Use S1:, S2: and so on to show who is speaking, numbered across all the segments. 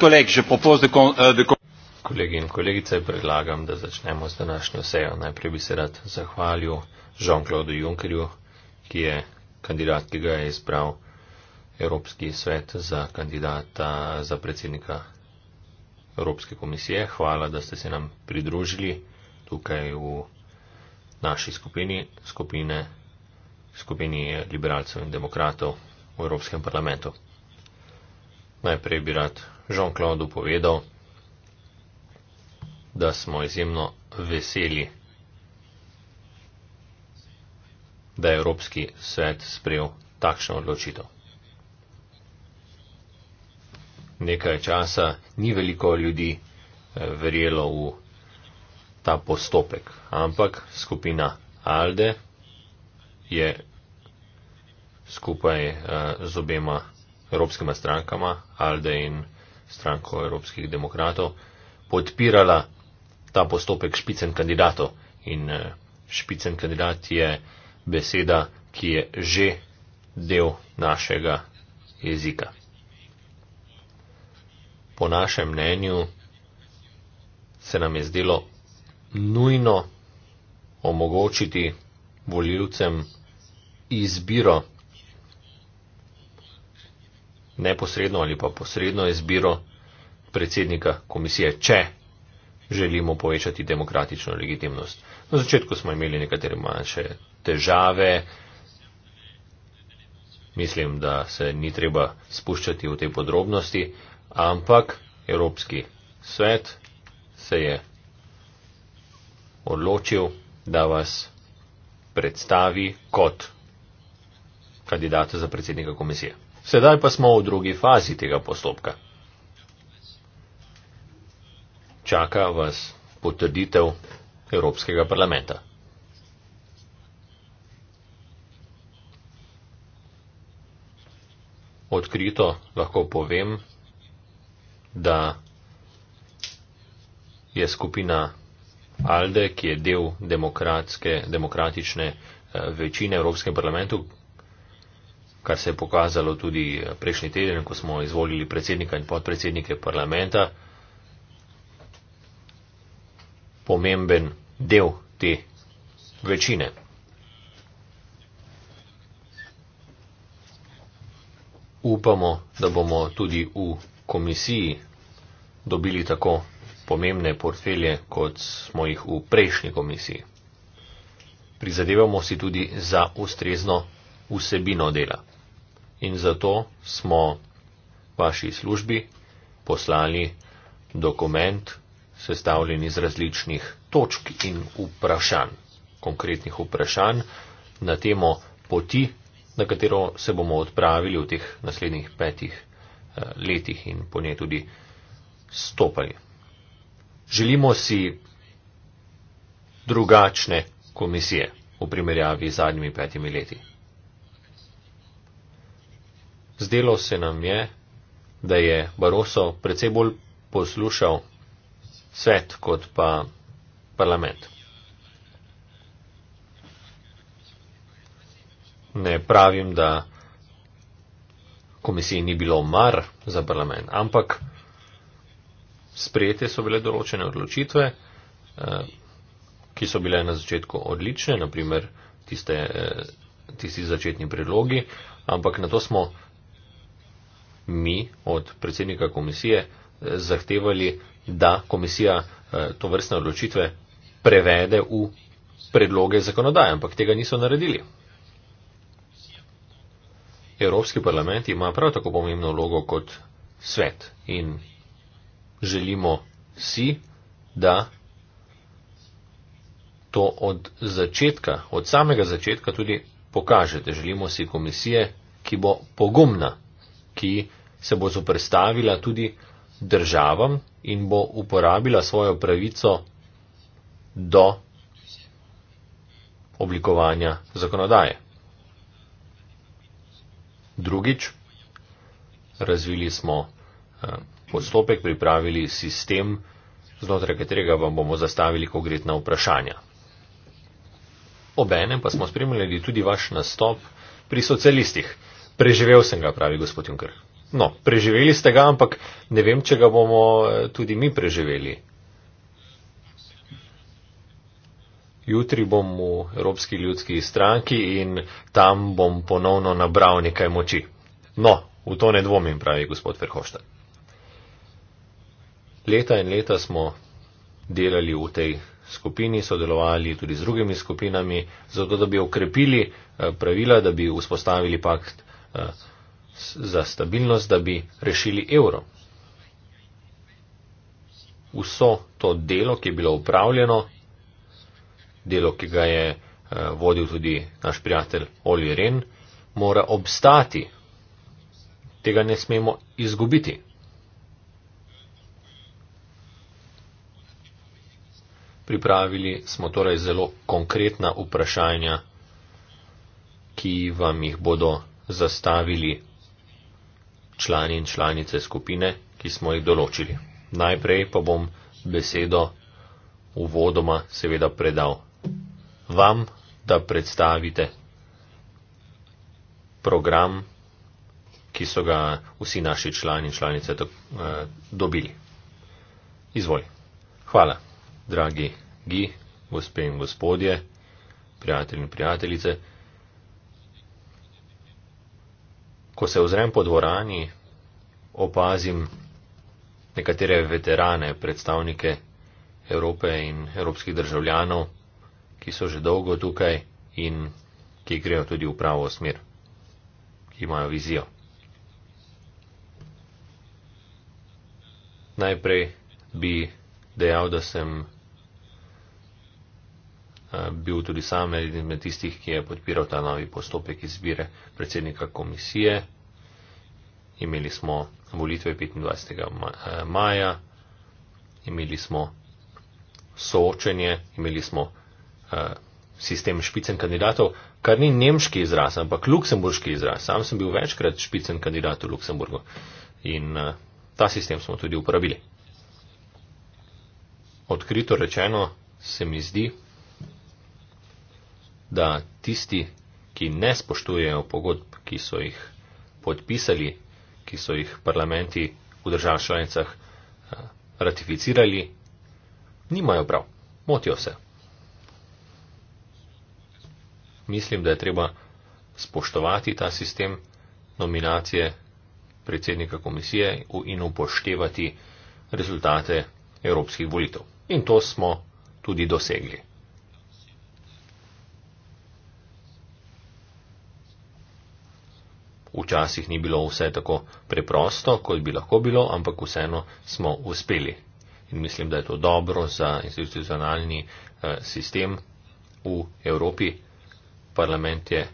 S1: collègues, je propose de, con, euh, de... Kolegi in kolegice, predlagam, da začnemo s današnjo sejo. Najprej bi se rad zahvalil Jean-Claude Junckerju, ki je kandidat, ki ga je izbral Evropski svet za kandidata za predsednika Evropske komisije. Hvala, da ste se nam pridružili tukaj v naši skupini, skupine, skupini liberalcev in demokratov v Evropskem parlamentu. Najprej bi rad Jean-Claude povedal, da smo izjemno veseli, da je Evropski svet sprejel takšno odločitev. Nekaj časa ni veliko ljudi eh, verjelo v ta postopek, ampak skupina ALDE je skupaj eh, z obema evropskima strankama, Alde in stranko evropskih demokratov, podpirala ta postopek špicen kandidatov. In eh, špicen kandidat je beseda, ki je že del našega jezika. Po našem mnenju se nam je zdelo nujno omogočiti volivcem izbiro neposredno ali pa posredno izbiro predsednika komisije, če želimo povečati demokratično legitimnost. Na začetku smo imeli nekatere manjše težave. Mislim, da se ni treba spuščati v te podrobnosti, ampak Evropski svet se je odločil, da vas predstavi kot kandidata za predsednika komisije. Sedaj pa smo v drugi fazi tega postopka. Čaka vas potrditev Evropskega parlamenta. Odkrito lahko povem, da je skupina ALDE, ki je del demokratične eh, večine Evropskega parlamentu, kar se je pokazalo tudi eh, prejšnji teden, ko smo izvolili predsednika in podpredsednike parlamenta, pomemben del te večine. Upamo, da bomo tudi v komisiji dobili tako pomembne portfelje, kot smo jih v prejšnji komisiji. Prizadevamo si tudi za ustrezno vsebino dela in zato smo vaši službi poslali dokument, sestavljen iz različnih točk in vprašanj, konkretnih vprašanj na temo poti, na katero se bomo odpravili v teh naslednjih petih eh, letih in po njej tudi stopali. Želimo si drugačne komisije v primerjavi z zadnjimi petimi leti. Zdelo se nam je, da je Baroso precej bolj poslušal svet kot pa parlament. Ne pravim, da komisiji ni bilo mar za parlament, ampak sprejete so bile določene odločitve, eh, ki so bile na začetku odlične, naprimer tiste, eh, tisti začetni predlogi, ampak na to smo mi od predsednika komisije eh, zahtevali, da komisija eh, to vrstne odločitve prevede v predloge zakonodaje, ampak tega niso naredili. Evropski parlament ima prav tako pomembno vlogo kot svet in želimo si, da to od začetka, od samega začetka tudi pokažete. Želimo si komisije, ki bo pogumna, ki se bo zoprstavila tudi državam in bo uporabila svojo pravico do oblikovanja zakonodaje. Drugič, razvili smo eh, postopek, pripravili sistem, znotraj katerega vam bomo zastavili konkretna vprašanja. Obenem pa smo spremljali tudi vaš nastop pri socialistih. Preživel sem ga, pravi gospod Junker. No, preživeli ste ga, ampak ne vem, če ga bomo eh, tudi mi preživeli. Jutri bom v Evropski ljudski stranki in tam bom ponovno nabral nekaj moči. No, v to ne dvomim, pravi gospod Verhošta. Leta in leta smo delali v tej skupini, sodelovali tudi z drugimi skupinami, zato da bi okrepili eh, pravila, da bi vzpostavili pakt eh, za stabilnost, da bi rešili evro. Vso to delo, ki je bilo upravljeno, delo, ki ga je eh, vodil tudi naš prijatelj Oli Ren, mora obstati. Tega ne smemo izgubiti. Pripravili smo torej zelo konkretna vprašanja, ki vam jih bodo zastavili člani in članice skupine, ki smo jih določili. Najprej pa bom besedo uvodoma seveda predal vam, da predstavite program, ki so ga vsi naši člani in članice eh, dobili. Izvoli. Hvala, dragi gi, gospe in gospodje, prijatelji in prijateljice. ko se ozrem po dvorani, opazim nekatere veterane, predstavnike Evrope in evropskih državljanov, ki so že dolgo tukaj in ki grejo tudi v pravo smer, ki imajo vizijo. Najprej bi dejal, da sem Eh, bil tudi sam eden med tistih, ki je podpiral ta novi postopek izbire predsednika komisije. Imeli smo volitve 25. Eh, maja, imeli smo soočenje, imeli smo eh, sistem špicen kandidatov, kar ni nemški izraz, ampak luksemburški izraz. Sam sem bil večkrat špicen kandidat v Luksemburgu in ta sistem smo tudi uporabili. Odkrito rečeno se mi zdi, da tisti, ki ne spoštujejo pogodb, ki so jih podpisali, ki so jih parlamenti v državah članicah eh, ratificirali, nimajo prav, motijo se. Mislim, da je treba spoštovati ta sistem nominacije predsednika komisije in upoštevati rezultate evropskih volitev. In to smo tudi dosegli. Včasih ni bilo vse tako preprosto, kot bi lahko bilo, ampak vseeno smo uspeli. In mislim, da je to dobro za institucionalni eh, sistem v Evropi. Parlament je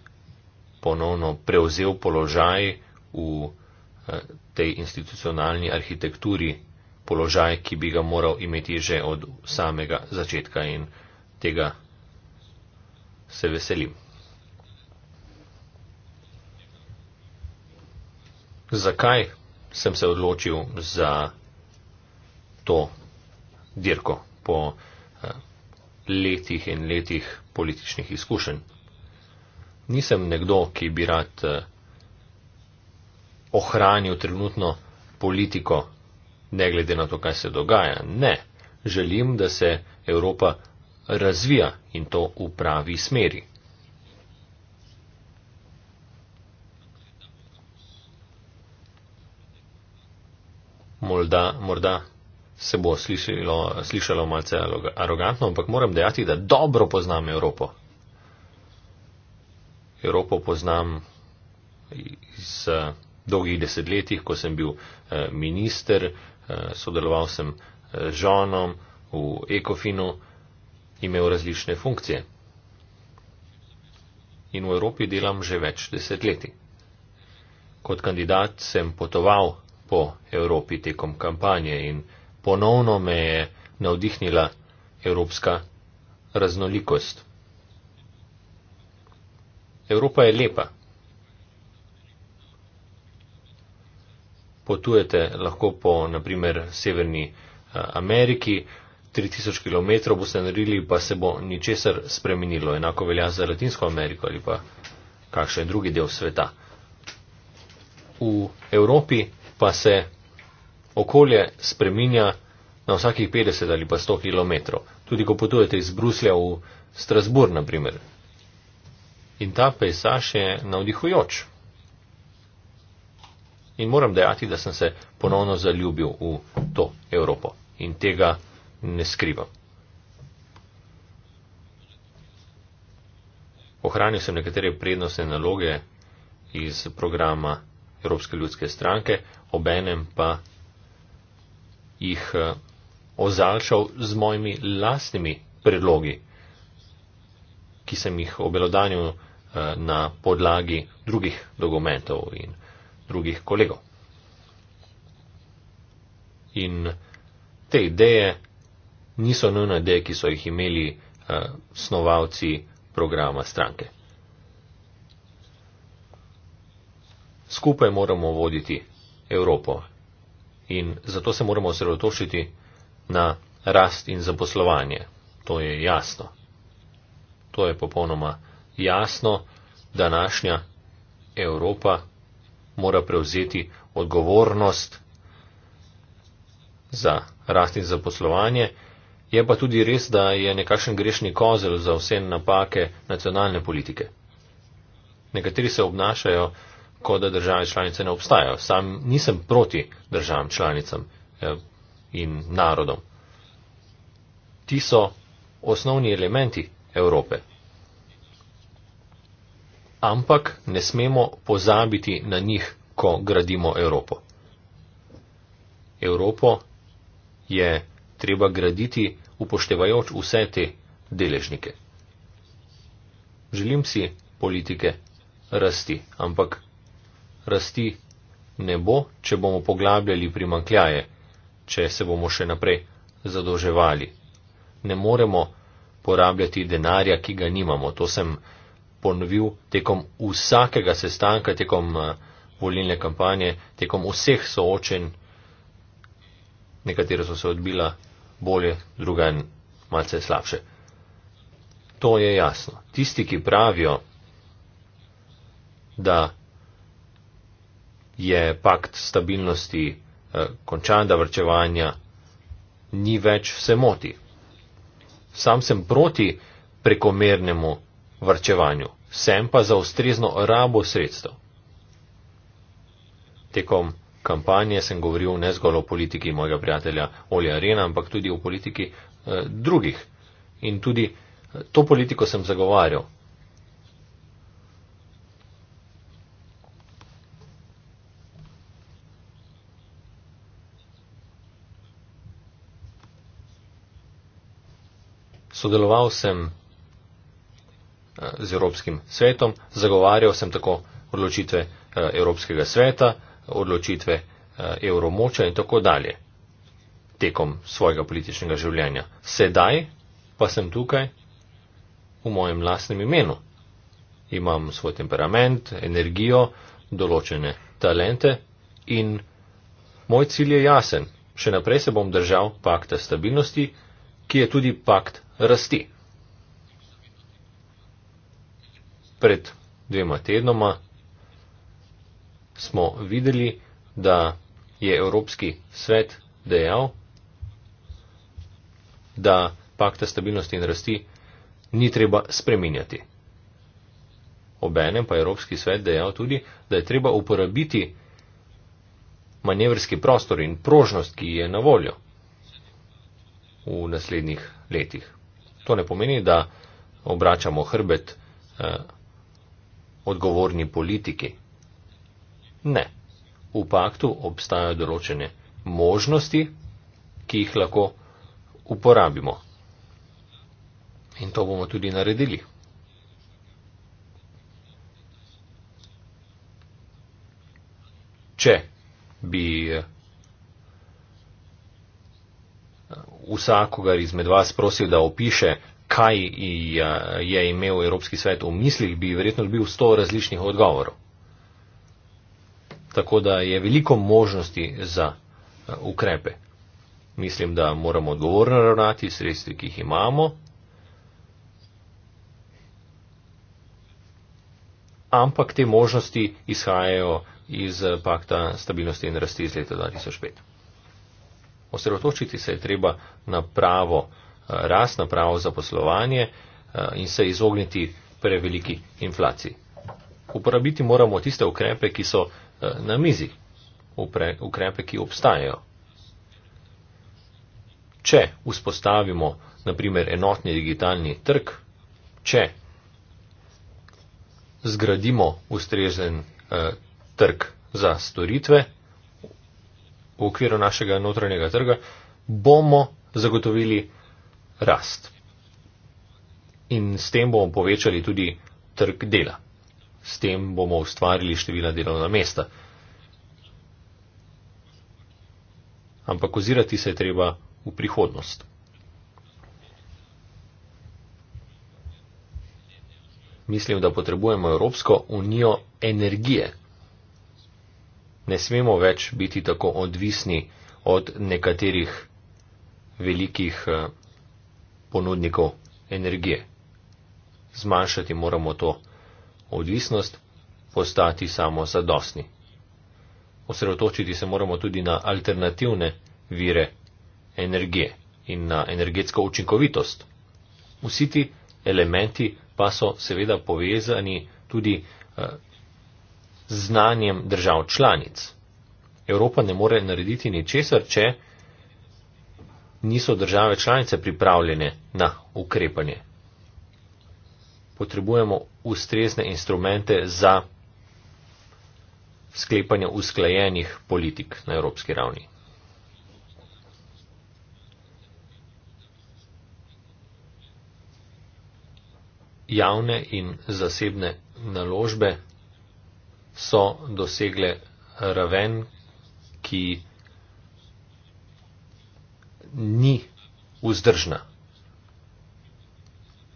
S1: ponovno prevzel položaj v eh, tej institucionalni arhitekturi, položaj, ki bi ga moral imeti že od samega začetka in tega se veselim. zakaj sem se odločil za to dirko po eh, letih in letih političnih izkušenj. Nisem nekdo, ki bi rad eh, ohranil trenutno politiko, ne glede na to, kaj se dogaja. Ne, želim, da se Evropa razvija in to v pravi smeri. molda, morda se bo slišalo, slišalo malce arogantno, ampak moram dejati, da dobro poznam Evropo. Evropo poznam iz eh, dolgih desetletjih, ko sem bil eh, minister, eh, sodeloval sem z žonom v Ekofinu, imel različne funkcije. In v Evropi delam že več desetletij. Kot kandidat sem potoval po Evropi tekom kampanje in ponovno me je navdihnila evropska raznolikost. Evropa je lepa. Potujete lahko po, naprimer, Severni eh, Ameriki, 3000 km boste naredili, pa se bo ničesar spremenilo. Enako velja za Latinsko Ameriko ali pa kakšen drugi del sveta. V Evropi pa se okolje spreminja na vsakih 50 ali pa 100 km. Tudi ko potujete iz Bruslja v Strasbourg, na primer. In ta pejzaž je navdihujoč. In moram dejati, da sem se ponovno zaljubil v to Evropo. In tega ne skrivam. Ohranil sem nekatere prednostne naloge iz programa Evropske ljudske stranke, obenem pa jih eh, ozalšal z mojimi lastnimi predlogi, ki sem jih obelodanil eh, na podlagi drugih dokumentov in drugih kolegov. In te ideje niso nujno ideje, ki so jih imeli eh, snovalci programa stranke. skupaj moramo voditi Evropo in zato se moramo osredotočiti na rast in zaposlovanje. To je jasno. To je popolnoma jasno. Današnja Evropa mora prevzeti odgovornost za rast in zaposlovanje. Je pa tudi res, da je nekakšen grešni kozel za vse napake nacionalne politike. Nekateri se obnašajo, kot da države članice ne obstajajo. Sam nisem proti državam članicam ja, in narodom. Ti so osnovni elementi Evrope. Ampak ne smemo pozabiti na njih, ko gradimo Evropo. Evropo je treba graditi upoštevajoč vse te deležnike. Želim si politike rasti, ampak rasti ne bo, če bomo poglabljali primankljaje, če se bomo še naprej zadolževali. Ne moremo porabljati denarja, ki ga nimamo. To sem ponovil tekom vsakega sestanka, tekom eh, volilne kampanje, tekom vseh soočen, nekatere so se odbila bolje, druga je malce slabše. To je jasno. Tisti, ki pravijo, da je pakt stabilnosti eh, končan, da vrčevanja ni več vse moti. Sam sem proti prekomernemu vrčevanju, sem pa za ustrezno rabo sredstev. Tekom kampanje sem govoril ne zgolj o politiki mojega prijatelja Olja Arena, ampak tudi o politiki eh, drugih. In tudi eh, to politiko sem zagovarjal, sodeloval sem eh, z Evropskim svetom, zagovarjal sem tako odločitve eh, Evropskega sveta, odločitve eh, evromoča in tako dalje tekom svojega političnega življenja. Sedaj pa sem tukaj v mojem lastnem imenu. Imam svoj temperament, energijo, določene talente in moj cilj je jasen. Še naprej se bom držal pakta stabilnosti ki je tudi pakt rasti. Pred dvema tednoma smo videli, da je Evropski svet dejal, da pakta stabilnosti in rasti ni treba spreminjati. Obenem pa je Evropski svet dejal tudi, da je treba uporabiti manevrski prostor in prožnost, ki je na voljo v naslednjih letih. To ne pomeni, da obračamo hrbet eh, odgovorni politiki. Ne. V paktu obstajajo določene možnosti, ki jih lahko uporabimo. In to bomo tudi naredili. Če bi eh, vsakogar izmed vas prosil, da opiše, kaj eh, je imel Evropski svet v mislih, bi verjetno dobil sto različnih odgovorov. Tako da je veliko možnosti za eh, ukrepe. Mislim, da moramo odgovorno ravnati sredstvi, ki jih imamo. Ampak te možnosti izhajajo iz eh, pakta stabilnosti in rasti iz leta 2005. Osredotočiti se je treba na pravo eh, rast, na pravo zaposlovanje eh, in se izogniti preveliki inflaciji. Uporabiti moramo tiste ukrepe, ki so eh, na mizi, ukrepe, ki obstajajo. Če vzpostavimo, naprimer, enotni digitalni trg, če zgradimo ustrezen eh, trg za storitve, v okviru našega notranjega trga, bomo zagotovili rast. In s tem bomo povečali tudi trg dela. S tem bomo ustvarili števila delovna mesta. Ampak ozirati se je treba v prihodnost. Mislim, da potrebujemo Evropsko unijo energije, ne smemo več biti tako odvisni od nekaterih velikih eh, ponudnikov energije. Zmanjšati moramo to odvisnost, postati samo zadosni. Osredotočiti se moramo tudi na alternativne vire energije in na energetsko učinkovitost. Vsi ti elementi pa so seveda povezani tudi eh, znanjem držav članic. Evropa ne more narediti ničesar, če niso države članice pripravljene na ukrepanje. Potrebujemo ustrezne instrumente za sklepanje usklajenih politik na evropski ravni. Javne in zasebne naložbe so dosegle raven, ki ni vzdržna.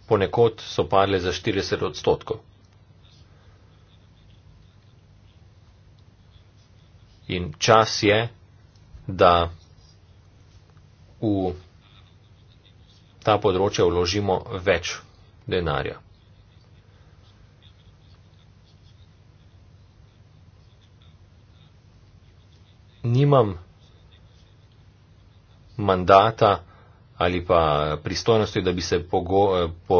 S1: Ponekod so padle za 40 odstotkov. In čas je, da v ta področje vložimo več denarja. nimam mandata ali pa pristojnosti, da bi se pogo, eh, po,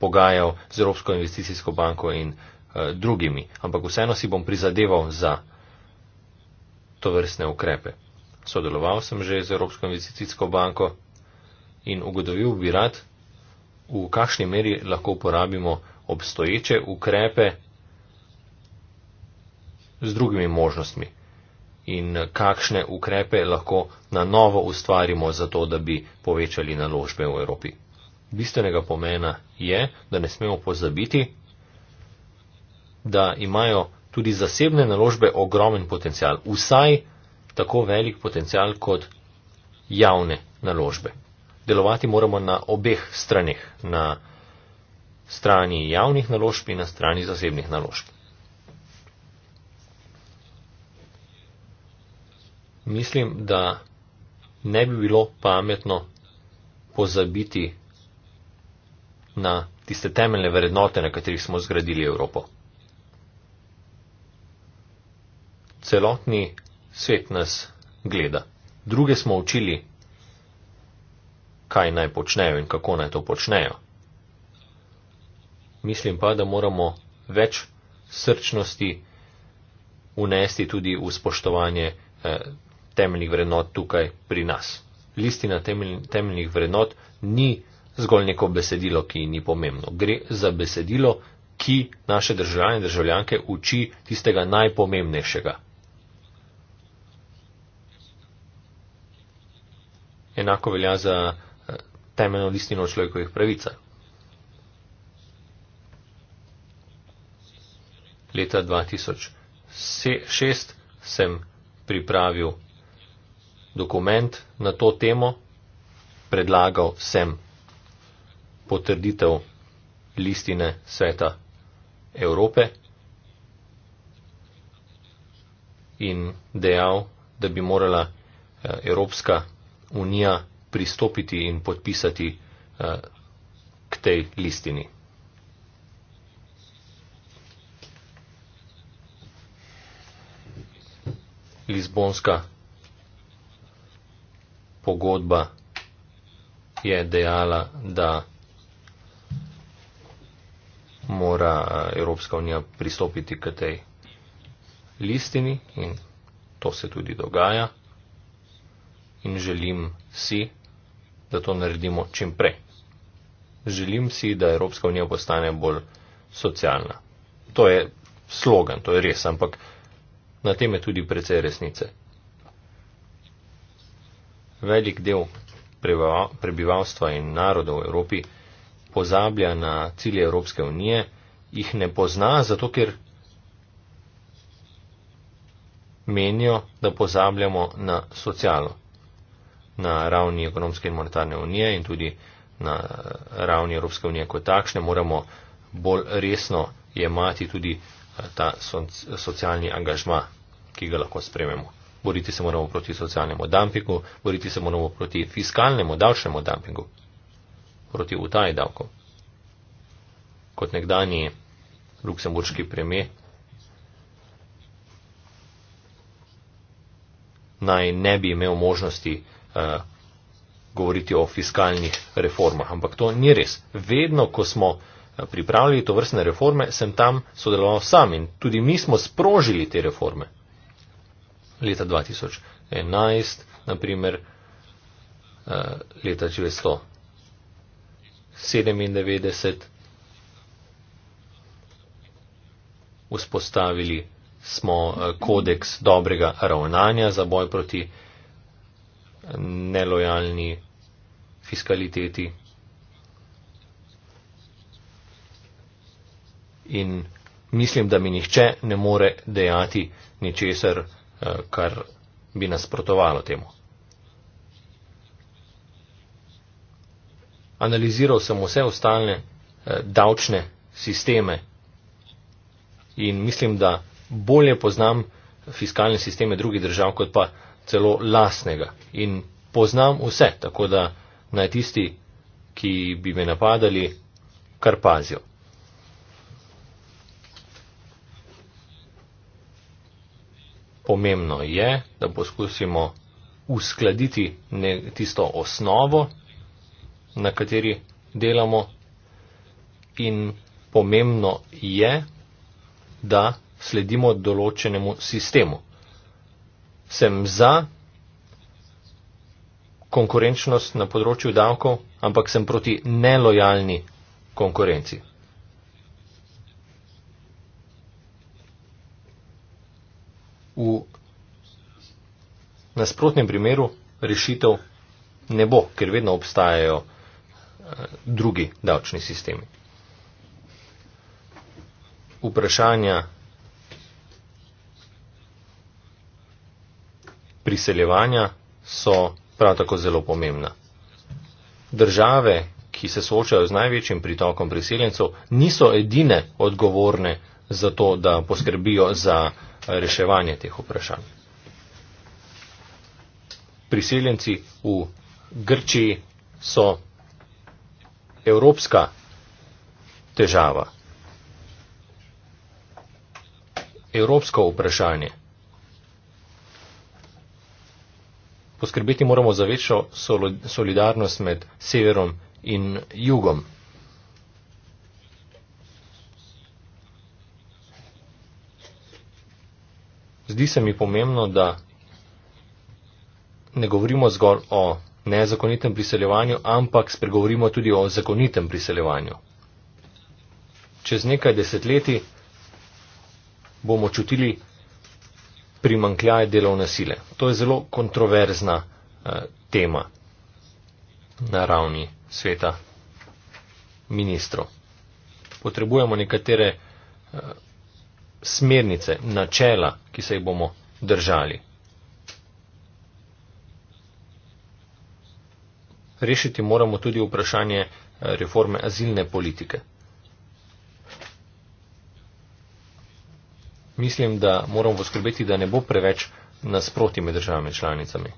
S1: pogajal z Evropsko investicijsko banko in eh, drugimi, ampak vseeno si bom prizadeval za to vrstne ukrepe. Sodeloval sem že z Evropsko investicijsko banko in ugotovil bi rad, v kakšni meri lahko uporabimo obstoječe ukrepe z drugimi možnostmi in kakšne ukrepe lahko na novo ustvarimo za to, da bi povečali naložbe v Evropi. Bistvenega pomena je, da ne smemo pozabiti, da imajo tudi zasebne naložbe ogromen potencial, vsaj tako velik potencial kot javne naložbe. Delovati moramo na obeh straneh, na strani javnih naložb in na strani zasebnih naložb. mislim, da ne bi bilo pametno pozabiti na tiste temeljne vrednote, na katerih smo zgradili Evropo. Celotni svet nas gleda. Druge smo učili, kaj naj počnejo in kako naj to počnejo. Mislim pa, da moramo več srčnosti unesti tudi v spoštovanje eh, temeljnih vrednot tukaj pri nas. Listina temeljnih vrednot ni zgolj neko besedilo, ki ni pomembno. Gre za besedilo, ki naše državljane in državljanke uči tistega najpomembnejšega. Enako velja za eh, temeljno listino človekovih pravic. Leta 2006 sem pripravil dokument na to temo, predlagal sem potrditev listine sveta Evrope in dejal, da bi morala eh, Evropska unija pristopiti in podpisati eh, k tej listini. Lizbonska pogodba je dejala, da mora Evropska unija pristopiti k tej listini in to se tudi dogaja in želim si, da to naredimo čim prej. Želim si, da Evropska unija postane bolj socialna. To je slogan, to je res, ampak na tem je tudi precej resnice velik del prebivalstva in narodov v Evropi pozablja na cilje Evropske unije, jih ne pozna, zato ker menijo, da pozabljamo na socialo, na ravni ekonomske in monetarne unije in tudi na eh, ravni Evropske unije kot takšne, moramo bolj resno jemati tudi eh, ta socialni angažma, ki ga lahko sprememo boriti se moramo proti socialnemu dampingu, boriti se moramo proti fiskalnemu, davčnemu dampingu, proti utaji davkov. Kot nekdani luksemburški preme, naj ne bi imel možnosti uh, govoriti o fiskalnih reformah, ampak to ni res. Vedno, ko smo eh, pripravljali to vrstne reforme, sem tam sodeloval sam in tudi mi smo sprožili te reforme leta 2011, naprimer eh, leta 1997 vzpostavili smo eh, kodeks dobrega ravnanja za boj proti nelojalni fiskaliteti. In mislim, da mi nihče ne more dejati ničesar. Eh, kar bi nasprotovalo temu. Analiziral sem vse ostale eh, davčne sisteme in mislim, da bolje poznam fiskalne sisteme drugih držav, kot pa celo lasnega. In poznam vse, tako da naj tisti, ki bi me napadali, kar pazijo. pomembno je, da poskusimo uskladiti ne, tisto osnovo, na kateri delamo in pomembno je, da sledimo določenemu sistemu. Sem za konkurenčnost na področju davkov, ampak sem proti nelojalni konkurenciji. V nasprotnem primeru rešitev ne bo, ker vedno obstajajo eh, drugi davčni sistemi. Vprašanja priseljevanja so prav tako zelo pomembna. Države, ki se soočajo z največjim pritokom priseljencev, niso edine odgovorne za to, da poskrbijo za reševanje teh vprašanj. Priseljenci v Grčiji so evropska težava, evropsko vprašanje. Poskrbeti moramo za večjo solidarnost med severom in jugom. zdi se mi pomembno, da ne govorimo zgolj o nezakonitem priseljevanju, ampak spregovorimo tudi o zakonitem priseljevanju. Čez nekaj desetletij bomo čutili primankljaj delovne sile. To je zelo kontroverzna eh, tema na ravni sveta ministrov. Potrebujemo nekatere eh, smernice, načela, ki se jih bomo držali. Rešiti moramo tudi vprašanje eh, reforme azilne politike. Mislim, da moramo poskrbeti, da ne bo preveč nasproti med državami članicami.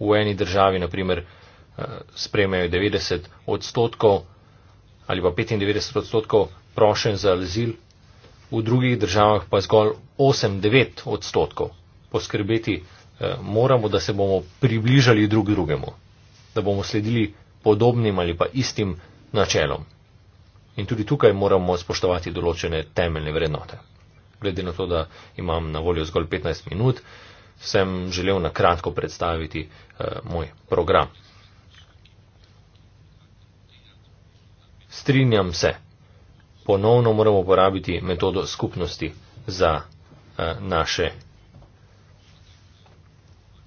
S1: V eni državi, naprimer, eh, spremejo 90 odstotkov ali pa 95 odstotkov prošen za azil v drugih državah pa zgolj 8-9 odstotkov. Poskrbeti eh, moramo, da se bomo približali drug drugemu, da bomo sledili podobnim ali pa istim načelom. In tudi tukaj moramo spoštovati določene temeljne vrednote. Glede na to, da imam na voljo zgolj 15 minut, sem želel na kratko predstaviti eh, moj program. Strinjam se, ponovno moramo uporabiti metodo skupnosti za eh, naše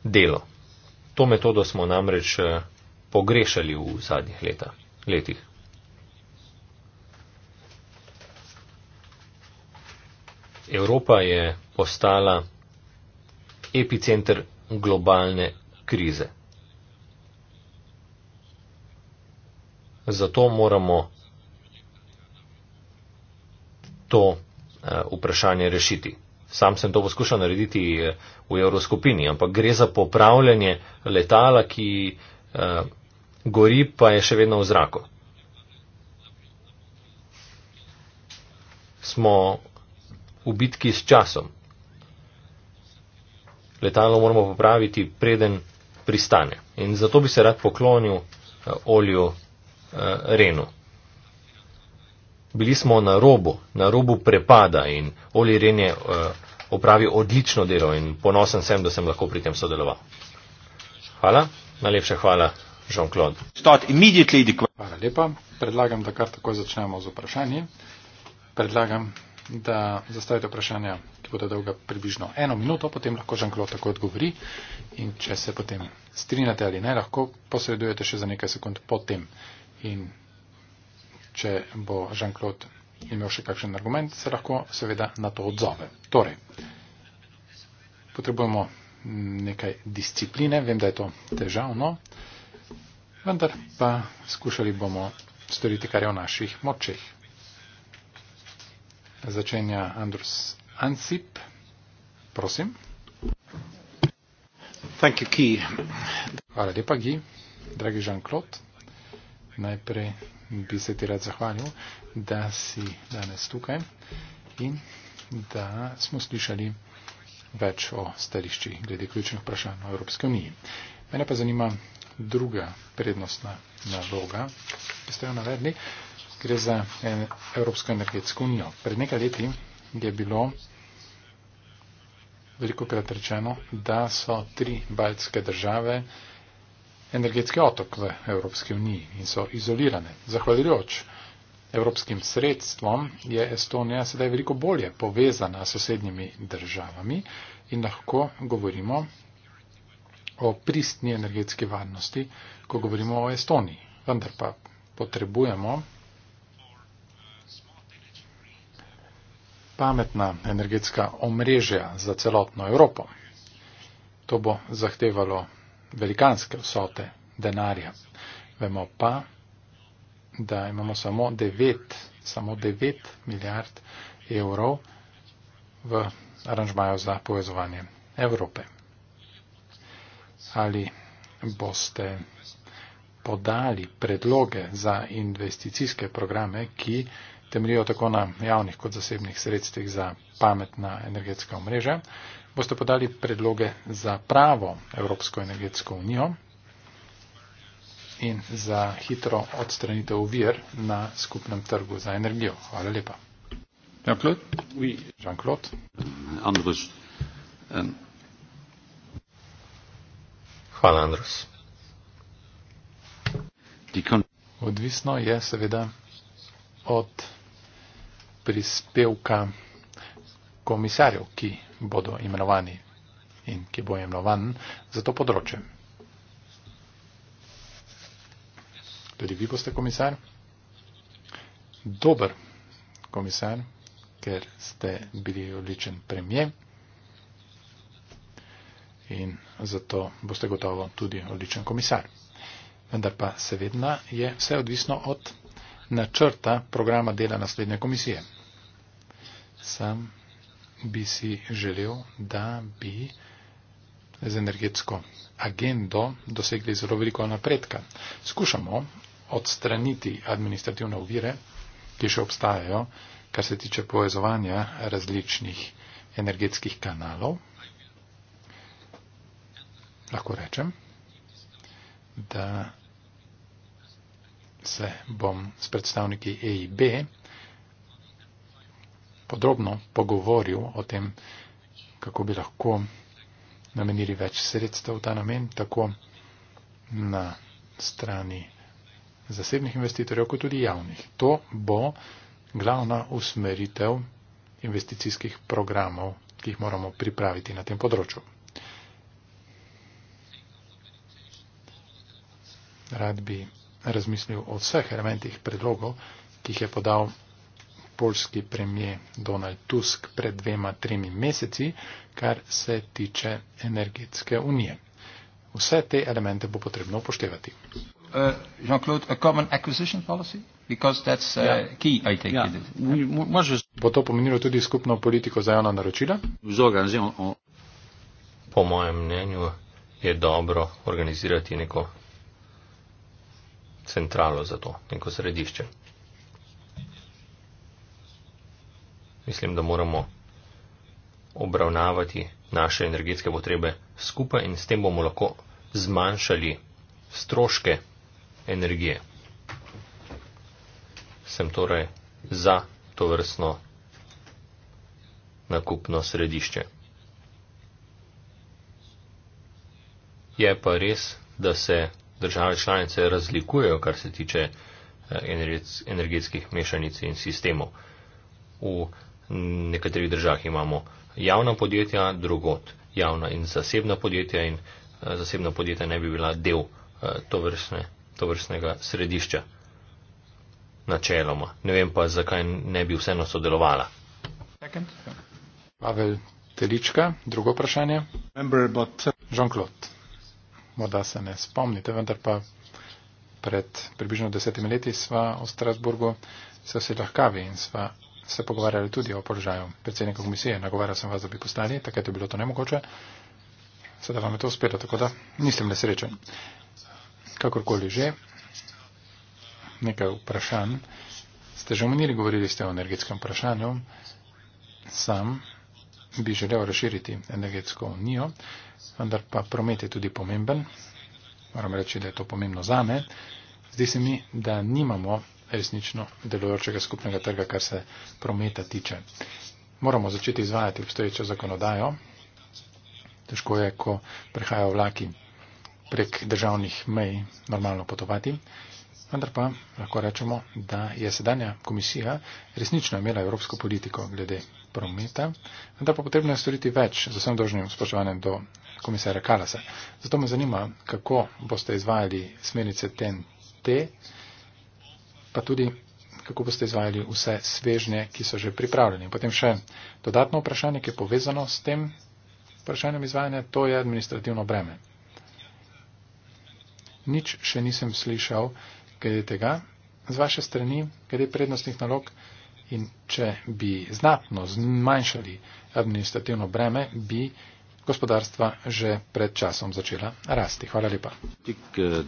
S1: delo. To metodo smo namreč eh, pogrešali v zadnjih leta, letih. Evropa je postala epicenter globalne krize. Zato moramo to eh, vprašanje rešiti. Sam sem to poskušal narediti eh, v Evroskupini, ampak gre za popravljanje letala, ki eh, gori, pa je še vedno v zraku. Smo v bitki s časom. Letalo moramo popraviti, preden pristane. In zato bi se rad poklonil olju Renu bili smo na robu, na robu prepada in Oli Ren je eh, opravil odlično delo in ponosen sem, da sem lahko pri tem sodeloval. Hvala, najlepša
S2: hvala, Jean-Claude. Hvala lepa, predlagam, da kar takoj začnemo z vprašanji. Predlagam, da zastavite vprašanja, ki bodo dolga približno eno minuto, potem lahko Jean-Claude takoj odgovori in če se potem strinjate ali ne, lahko posredujete še za nekaj sekund potem. In če bo Jean-Claude imel še kakšen argument, se lahko seveda na to odzove. Torej, potrebujemo nekaj discipline, vem, da je to težavno, vendar pa skušali bomo storiti, kar je v naših močeh. Začenja Andrus Ansip. Prosim. Thank you, Key. Hvala lepa, Guy. Dragi Jean-Claude, najprej bi se ti rad zahvalil, da si danes tukaj in da smo slišali več o stališčih glede ključnih vprašanj v Evropske unije. Mene pa zanima druga prednostna naloga, ki ste jo navedli, gre za Evropsko energetsko unijo. Pred nekaj leti je bilo veliko krat rečeno, da so tri baltske države energetski otok v Evropski uniji in so izolirane. Zahvaljujoč evropskim sredstvom je Estonija sedaj veliko bolje povezana s sosednjimi državami in lahko govorimo o pristni energetski varnosti, ko govorimo o Estoniji. Vendar pa potrebujemo pametna energetska omrežja za celotno Evropo. To bo zahtevalo velikanske vsote denarja. Vemo pa, da imamo samo 9, samo 9 milijard evrov v aranžmaju za povezovanje Evrope. Ali boste podali predloge za investicijske programe, ki temeljijo tako na javnih kot zasebnih sredstvih za pametna energetska omrežja, boste podali predloge za pravo Evropsko energetsko unijo in za hitro odstranitev vir na skupnem trgu za energijo. Hvala lepa. Jean-Claude? Oui. Jean-Claude? Andrus. Um.
S1: Hvala, Andrus.
S2: Odvisno je seveda od prispevka komisarjev, ki bodo imenovani in ki bo imenovan za to področje. Tudi vi boste komisar. Dober komisar, ker ste bili odličen premijer in zato boste gotovo tudi odličen komisar. Vendar pa seveda je vse odvisno od načrta programa dela naslednje komisije. Sam bi si želel, da bi z energetsko agendo dosegli zelo veliko napredka. Skušamo odstraniti administrativne ovire, ki še obstajajo, kar se tiče povezovanja različnih energetskih kanalov. Lahko rečem, da se bom s predstavniki EIB podrobno pogovoril o tem, kako bi lahko namenili več sredstev v ta namen, tako na strani zasebnih investitorjev, kot tudi javnih. To bo glavna usmeritev investicijskih programov, ki jih moramo pripraviti na tem področju. Rad bi razmislil o vseh elementih predlogov, ki jih je podal polski premije Donald Tusk pred dvema, tremi meseci, kar se tiče energetske unije. Vse te elemente bo potrebno upoštevati. Uh, Jean-Claude, a common acquisition policy? Because that's uh, yeah. Ja. key, I take yeah. Ja. it. Yeah. Bo to pomenilo tudi skupno politiko za javna naročila? Zogan, zim,
S1: on... Po mojem mnenju je dobro organizirati neko centralo za to, neko središče. mislim, da moramo obravnavati naše energetske potrebe skupaj in s tem bomo lahko zmanjšali stroške energije. Sem torej za to vrstno nakupno središče. Je pa res, da se države članice razlikujejo, kar se tiče eh, energetskih mešanic in sistemov. V nekaterih državah imamo javna podjetja, drugot javna in zasebna podjetja in eh, zasebna podjetja ne bi bila del eh, to, vrstne, to vrstnega središča načeloma. Ne vem pa, zakaj ne bi vseeno sodelovala. Ja.
S2: Pavel Telička, drugo vprašanje. Uh, Jean-Claude, morda se ne spomnite, vendar pa pred približno desetimi leti sva v Strasburgu, sva se lahkavi in sva se pogovarjali tudi o položaju predsednika komisije. Nagovarjal sem vas, da bi postali, takrat je bilo to nemogoče. Sedaj vam je to uspelo, tako da nisem nesrečen. Kakorkoli že, nekaj vprašanj. Ste že omenili, govorili ste o energetskem vprašanju. Sam bi želel razširiti energetsko unijo, vendar pa promet je tudi pomemben. Moram reči, da je to pomembno zame. Zdi se mi, da nimamo resnično delujočega skupnega trga, kar se prometa tiče. Moramo začeti izvajati obstoječo zakonodajo. Težko je, ko prehajajo vlaki prek državnih mej normalno potovati. Vendar pa lahko rečemo, da je sedanja komisija resnično imela evropsko politiko glede prometa, vendar pa potrebno je storiti več z vsem dožnim spoštovanjem do komisarja Kalasa. Zato me zanima, kako boste izvajali smernice TNT pa tudi kako boste izvajali vse svežnje, ki so že pripravljeni. Potem še dodatno vprašanje, ki je povezano s tem vprašanjem izvajanja, to je administrativno breme. Nič še nisem slišal glede tega z vaše strani, glede prednostnih nalog in če bi znatno zmanjšali administrativno breme, bi gospodarstva že pred časom začela rasti. Hvala lepa.
S1: Eh,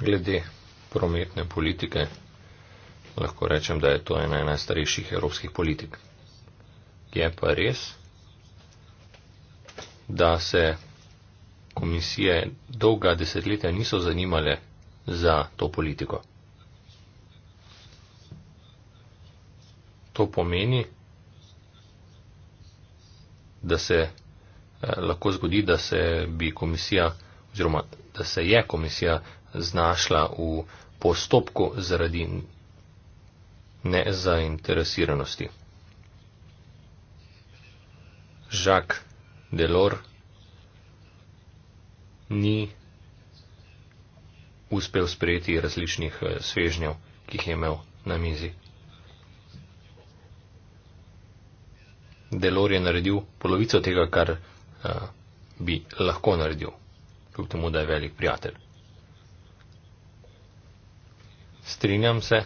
S1: glede prometne politike, lahko rečem, da je to ena najstarejših evropskih politik. Je pa res, da se komisije dolga desetletja niso zanimale za to politiko. To pomeni, da se eh, lahko zgodi, da se bi komisija oziroma da se je komisija znašla v postopku zaradi nezainteresiranosti. Žak Delor ni uspel sprejeti različnih eh, svežnjev, ki jih je imel na mizi. Delor je naredil polovico tega, kar uh, bi lahko naredil, kljub temu, da je velik prijatelj strinjam se,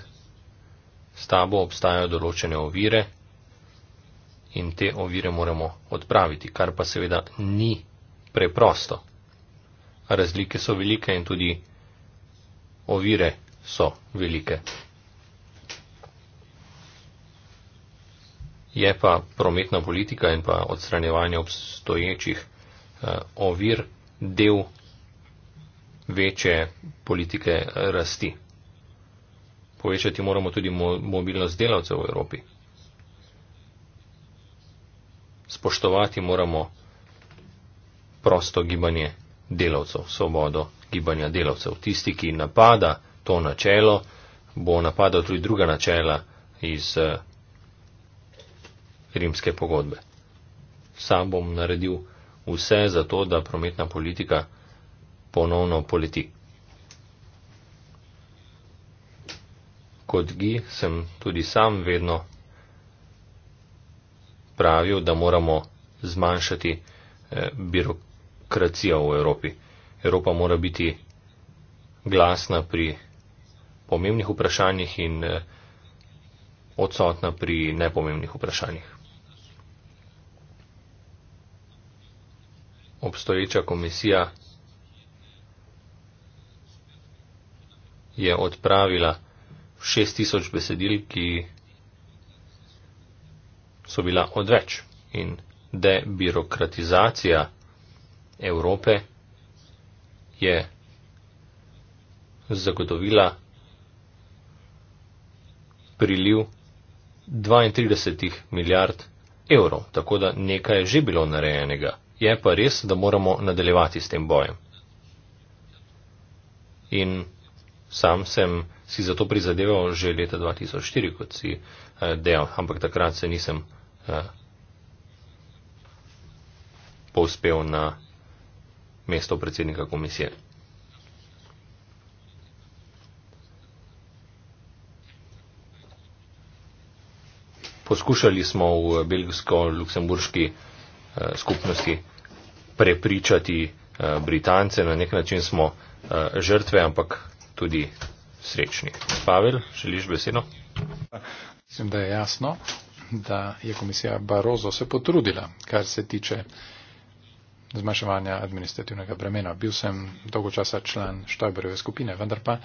S1: s tabo obstajajo določene ovire in te ovire moramo odpraviti, kar pa seveda ni preprosto. Razlike so velike in tudi ovire so velike. Je pa prometna politika in pa odstranjevanje obstoječih eh, ovir del večje politike eh, rasti povečati moramo tudi mobilnost delavcev v Evropi. Spoštovati moramo prosto gibanje delavcev, svobodo gibanja delavcev. Tisti, ki napada to načelo, bo napadal tudi druga načela iz eh, rimske pogodbe. Sam bom naredil vse za to, da prometna politika ponovno poleti. kot gi sem tudi sam vedno pravil, da moramo zmanjšati eh, birokracijo v Evropi. Evropa mora biti glasna pri pomembnih vprašanjih in eh, odsotna pri nepomembnih vprašanjih. Obstoječa komisija je odpravila 6000 besedil, ki so bila odveč in debirokratizacija Evrope je zagotovila priliv 32 milijard evrov, tako da nekaj je že bilo narejenega. Je pa res, da moramo nadaljevati s tem bojem. In sam sem si za to prizadeval že leta 2004, kot si eh, dejal, ampak takrat se nisem eh, povspel na mesto predsednika komisije. Poskušali smo v belgsko-luksemburški eh, skupnosti prepričati eh, Britance, na nek način smo eh, žrtve, ampak tudi srečni. Pavel, želiš besedo?
S2: Mislim, da je jasno, da je komisija Barozo se potrudila, kar se tiče zmanjševanja administrativnega bremena. Bil sem dolgo časa član Štajberove skupine, vendar pa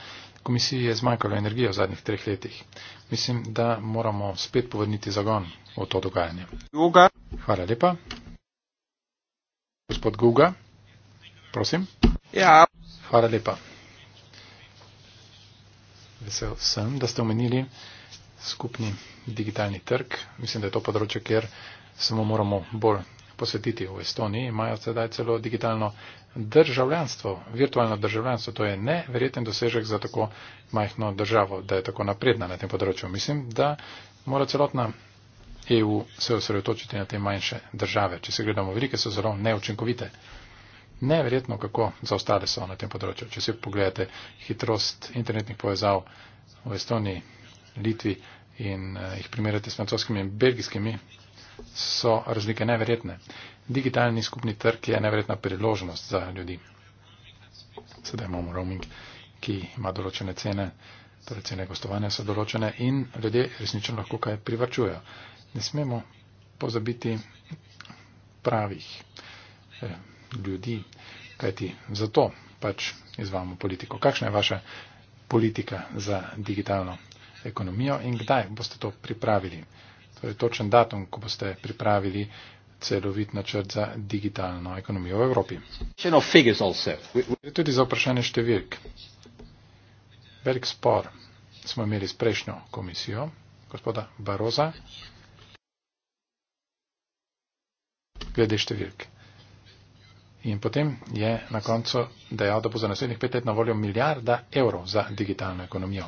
S2: komisiji je zmanjkalo energije v zadnjih treh letih. Mislim, da moramo spet povrniti zagon v to dogajanje. Guga. Hvala lepa. Gospod Guga, prosim. Ja. Hvala lepa. Vesel sem, da ste omenili skupni digitalni trg. Mislim, da je to področje, kjer samo moramo bolj posvetiti. V Estoniji imajo sedaj celo digitalno državljanstvo, virtualno državljanstvo. To je neverjeten dosežek za tako majhno državo, da je tako napredna na tem področju. Mislim, da mora celotna EU se osredotočiti na te manjše države. Če se gledamo, velike so zelo neučinkovite neverjetno, kako zaostale so na tem področju. Če si pogledate hitrost internetnih povezav v Estoniji, Litvi in eh, jih primerjate s francoskimi in belgijskimi, so razlike neverjetne. Digitalni skupni trg je neverjetna priložnost za ljudi. Sedaj imamo roaming, ki ima določene cene, torej cene gostovanja so določene in ljudje resnično lahko kaj privrčujejo. Ne smemo pozabiti pravih eh, ljudi. Kajti zato pač izvamo politiko. Kakšna je vaša politika za digitalno ekonomijo in kdaj boste to pripravili? To je točen datum, ko boste pripravili celovit načrt za digitalno ekonomijo v Evropi. Tudi za vprašanje številk. Velik spor smo imeli s prejšnjo komisijo, gospoda Baroza, glede številke. In potem je na koncu dejal, da bo za naslednjih pet let na voljo milijarda evrov za digitalno ekonomijo.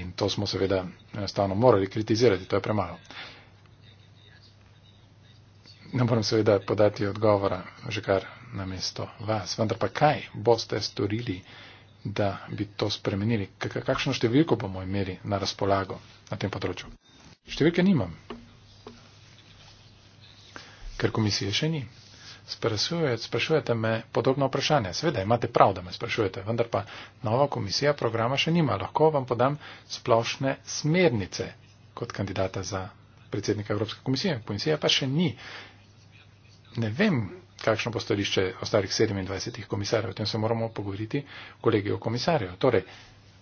S2: In to smo seveda enostavno morali kritizirati, to je premalo. Ne moram seveda podati odgovora že kar na mesto vas, vendar pa kaj boste storili, da bi to spremenili? Kakšno številko bomo imeli na razpolago na tem področju? Številke nimam, ker komisije še ni sprašujete, sprašujete me podobno vprašanje. Seveda imate prav, da me sprašujete, vendar pa nova komisija programa še nima. Lahko vam podam splošne smernice kot kandidata za predsednika Evropske komisije. Komisija pa še ni. Ne vem, kakšno bo stališče ostalih 27 komisarjev. O tem se moramo pogovoriti kolegi o komisarju. Torej,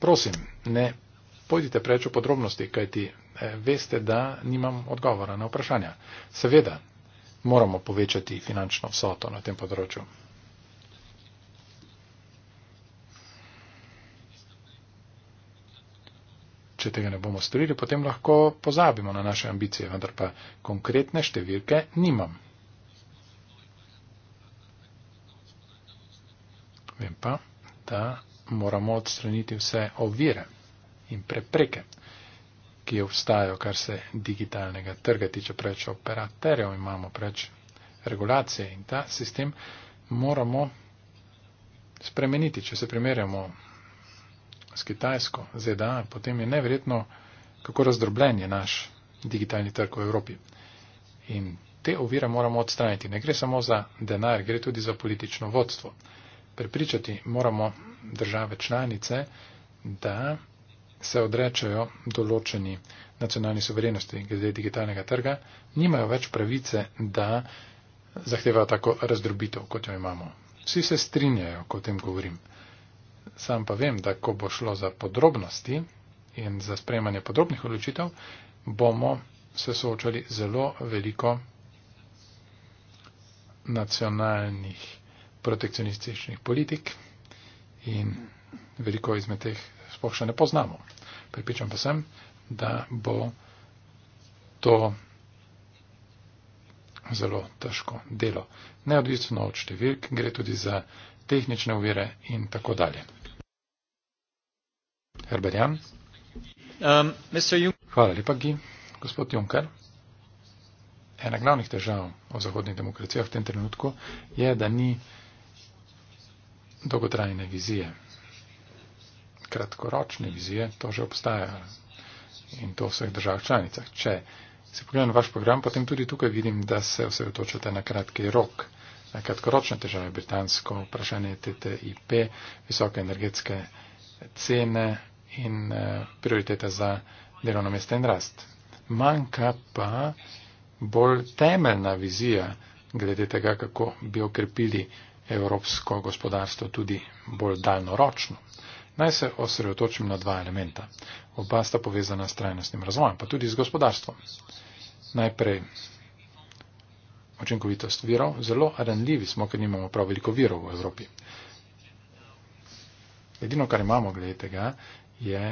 S2: prosim, ne pojdite preč v podrobnosti, kajti eh, veste, da nimam odgovora na vprašanja. Seveda, moramo povečati finančno vsoto na tem področju. Če tega ne bomo storili, potem lahko pozabimo na naše ambicije, vendar pa konkretne številke nimam. Vem pa, da moramo odstraniti vse ovire in prepreke ki obstajajo, kar se digitalnega trga tiče, preveč operaterjev imamo, preveč regulacije in ta sistem moramo spremeniti. Če se primerjamo s Kitajsko, ZDA, potem je neverjetno, kako razdrobljen je naš digitalni trg v Evropi. In te ovire moramo odstraniti. Ne gre samo za denar, gre tudi za politično vodstvo. Prepričati moramo države članice, da se odrečajo določeni nacionalni suverenosti glede digitalnega trga, nimajo več pravice, da zahtevajo tako razdrobitev, kot jo imamo. Vsi se strinjajo, ko o tem govorim. Sam pa vem, da ko bo šlo za podrobnosti in za sprejemanje podrobnih odločitev, bomo se soočali zelo veliko nacionalnih protekcionističnih politik in veliko izmed teh sploh še ne poznamo. Pripričam pa sem, da bo to zelo težko delo. Neodvisno od številk gre tudi za tehnične uvire in tako dalje. Herberjan. Um, Hvala lepa, Gi. Gospod Juncker. Ena glavnih težav o zahodnih demokracijah v tem trenutku je, da ni dolgotrajne vizije kratkoročne vizije, to že obstaja in to v vseh državah članicah. Če se pogledam vaš program, potem tudi tukaj vidim, da se osredotočate na kratki rok, na kratkoročne težave, britansko vprašanje TTIP, visoke energetske cene in eh, prioriteta za delovno mesto in rast. Manjka pa bolj temeljna vizija glede tega, kako bi okrepili evropsko gospodarstvo tudi bolj daljnoročno. Naj se osredotočim na dva elementa. Oba sta povezana s trajnostnim razvojem, pa tudi z gospodarstvom. Najprej očinkovitost virov. Zelo ranljivi smo, ker nimamo prav veliko virov v Evropi. Edino, kar imamo glede tega, je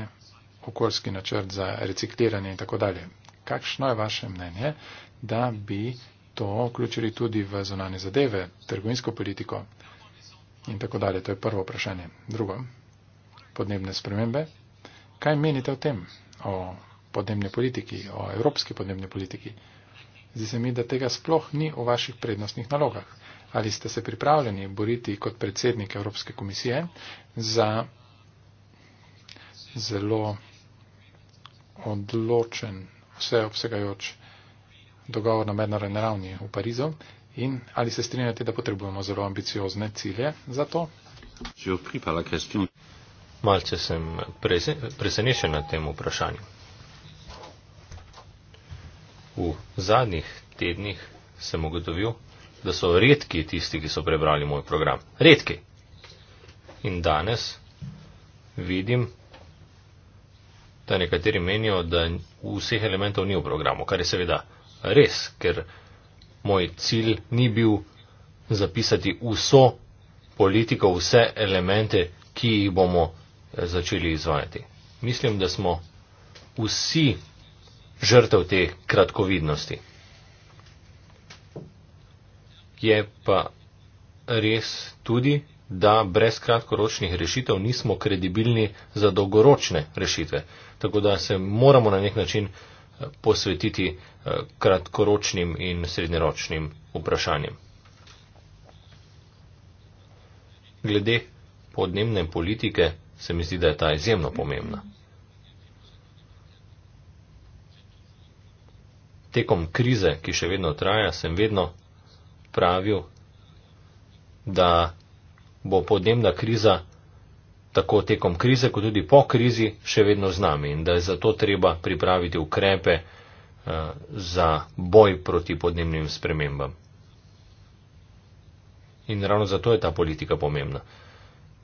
S2: okoljski načrt za recikliranje in tako dalje. Kakšno je vaše mnenje, da bi to vključili tudi v zonane zadeve, trgovinsko politiko in tako dalje? To je prvo vprašanje. Drugo podnebne spremembe. Kaj menite o tem, o podnebni politiki, o evropski podnebni politiki? Zdi se mi, da tega sploh ni v vaših prednostnih nalogah. Ali ste se pripravljeni boriti kot predsednik Evropske komisije za zelo odločen, vseobsegajoč dogovor na mednarodni ravni v Parizu in ali se strinjate, da potrebujemo zelo ambiciozne cilje za to? Je
S1: pripala question malce sem presenečen na tem vprašanju. V zadnjih tednih sem ugotovil, da so redki tisti, ki so prebrali moj program. Redki. In danes vidim, da nekateri menijo, da vseh elementov ni v programu, kar je seveda res, ker moj cilj ni bil zapisati vso politiko, vse elemente, ki jih bomo začeli izvajati. Mislim, da smo vsi žrtev te kratkovidnosti. Je pa res tudi, da brez kratkoročnih rešitev nismo kredibilni za dolgoročne rešitve. Tako da se moramo na nek način eh, posvetiti eh, kratkoročnim in srednjeročnim vprašanjem. Glede podnebne politike se mi zdi, da je ta izjemno pomembna. Tekom krize, ki še vedno traja, sem vedno pravil, da bo podnebna kriza tako tekom krize, kot tudi po krizi, še vedno z nami in da je zato treba pripraviti ukrepe uh, za boj proti podnebnim spremembam. In ravno zato je ta politika pomembna.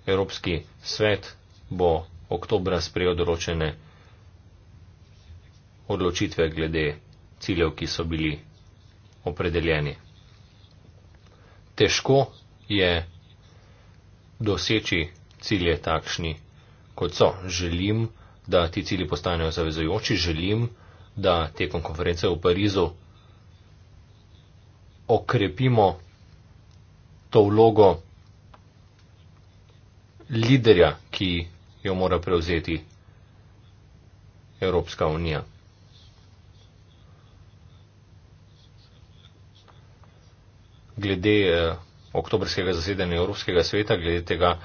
S1: Evropski svet bo oktobra sprejel določene odločitve glede ciljev, ki so bili opredeljeni. Težko je doseči cilje takšni, kot so. Želim, da ti cilji postanejo zavezojoči, želim, da tekom konference v Parizu okrepimo to vlogo liderja, ki jo mora prevzeti Evropska unija. Glede eh, oktobrskega zasedanja Evropskega sveta, glede tega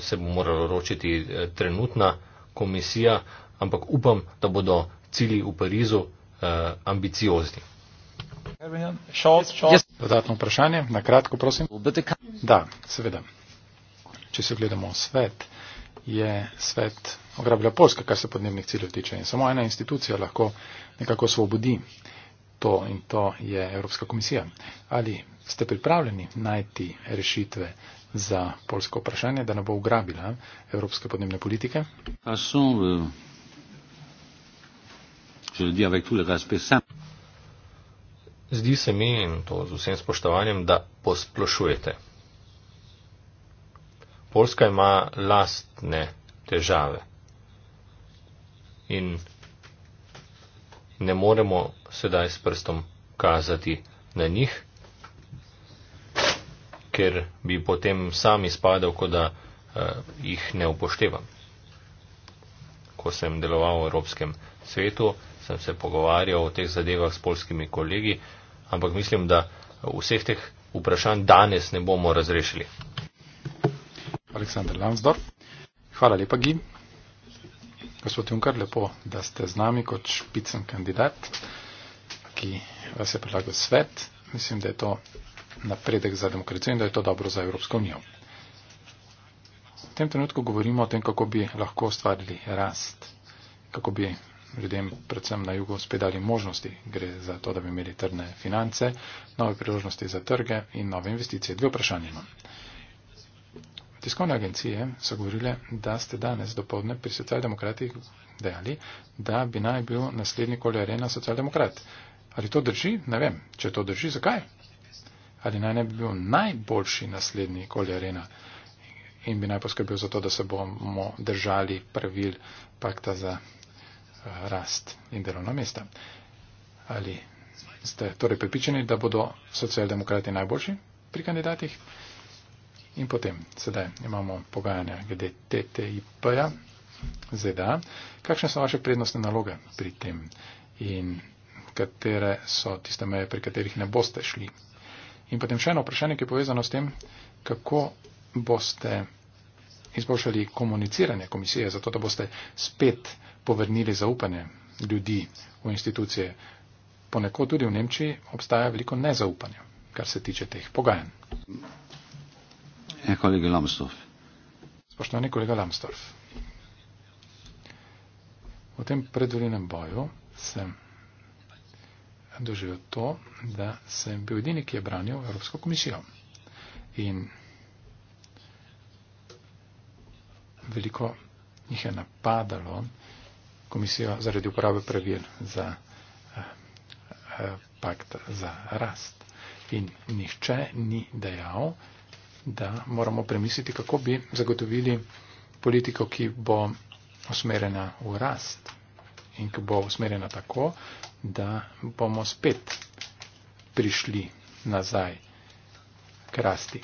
S1: se bo morala ročiti eh, trenutna komisija, ampak upam, da bodo
S2: cilji v Parizu eh, ambiciozni. Dodatno vprašanje, na kratko prosim. Da, seveda. Če se gledamo v svet je svet ograbila Polska, kar se podnebnih ciljev tiče. In samo ena institucija lahko nekako svobodi to in to je Evropska komisija. Ali ste pripravljeni najti rešitve za polsko vprašanje, da ne bo ugrabila evropske podnebne politike?
S1: Euh, Zdi se mi, in to z vsem spoštovanjem, da posplošujete. Poljska ima lastne težave. In ne moremo sedaj s prstom kazati na njih, ker bi potem sam izpadel, kot da eh, jih ne upoštevam. Ko sem deloval v Evropskem svetu, sem se pogovarjal o teh zadevah s polskimi kolegi, ampak mislim, da vseh teh vprašanj danes ne bomo razrešili.
S2: Aleksandr Lansdorf. Hvala lepa, Gim. Gospod Junkar, lepo, da ste z nami kot špicen kandidat, ki vas je predlagal svet. Mislim, da je to napredek za demokracijo in da je to dobro za Evropsko unijo. V tem trenutku govorimo o tem, kako bi lahko ustvarili rast, kako bi ljudem, predvsem na jugu, spet dali možnosti. Gre za to, da bi imeli trdne finance, nove priložnosti za trge in nove investicije. Dve vprašanje imam. Tiskovne agencije so govorile, da ste danes dopoledne pri socialdemokratih dejali, da bi naj bil naslednji kolerena socialdemokrat. Ali to drži? Ne vem. Če to drži, zakaj? Ali naj ne bi bil najboljši naslednji kolerena in bi naj poskrbel za to, da se bomo držali pravil pakta za eh, rast in delovna mesta? Ali ste torej pripričani, da bodo socialdemokrati najboljši pri kandidatih? In potem, sedaj imamo pogajanja glede TTIP-ja, ZDA. Kakšne so vaše prednostne naloge pri tem in katere so tiste meje, pri katerih ne boste šli? In potem še eno vprašanje, ki je povezano s tem, kako boste izboljšali komuniciranje komisije, zato da boste spet povrnili zaupanje ljudi v institucije. Ponekod tudi v Nemčiji obstaja veliko nezaupanja, kar se tiče teh pogajanj.
S1: Ja, kolega Lambsdorff.
S2: Spoštovani kolega Lambsdorff. V tem predvoljenem boju sem doživel to, da sem bil edini, ki je branil Evropsko komisijo. In veliko jih je napadalo komisijo zaradi uporabe pravil za eh, eh, pakt za rast. In nihče ni dejal, da moramo premisliti, kako bi zagotovili politiko, ki bo usmerjena v rast in ki bo usmerjena tako, da bomo spet prišli nazaj k rasti.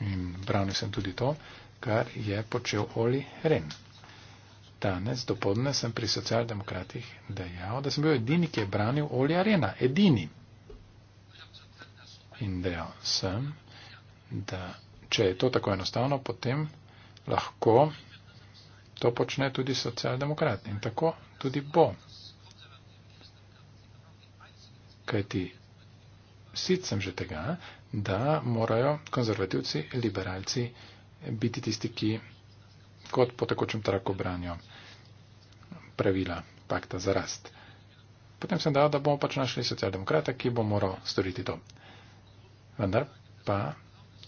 S2: In branil sem tudi to, kar je počel Oli Ren. Danes dopoledne sem pri socialdemokratih dejal, da sem bil edini, ki je branil Oli Arena. Edini in dejal sem, da če je to tako enostavno, potem lahko to počne tudi socialdemokrat in tako tudi bo. Kajti sit sem že tega, da morajo konzervativci, liberalci biti tisti, ki kot po tekočem traku branijo pravila pakta za rast. Potem sem dal, da bomo pač našli socialdemokrata, ki bo moral storiti to vendar pa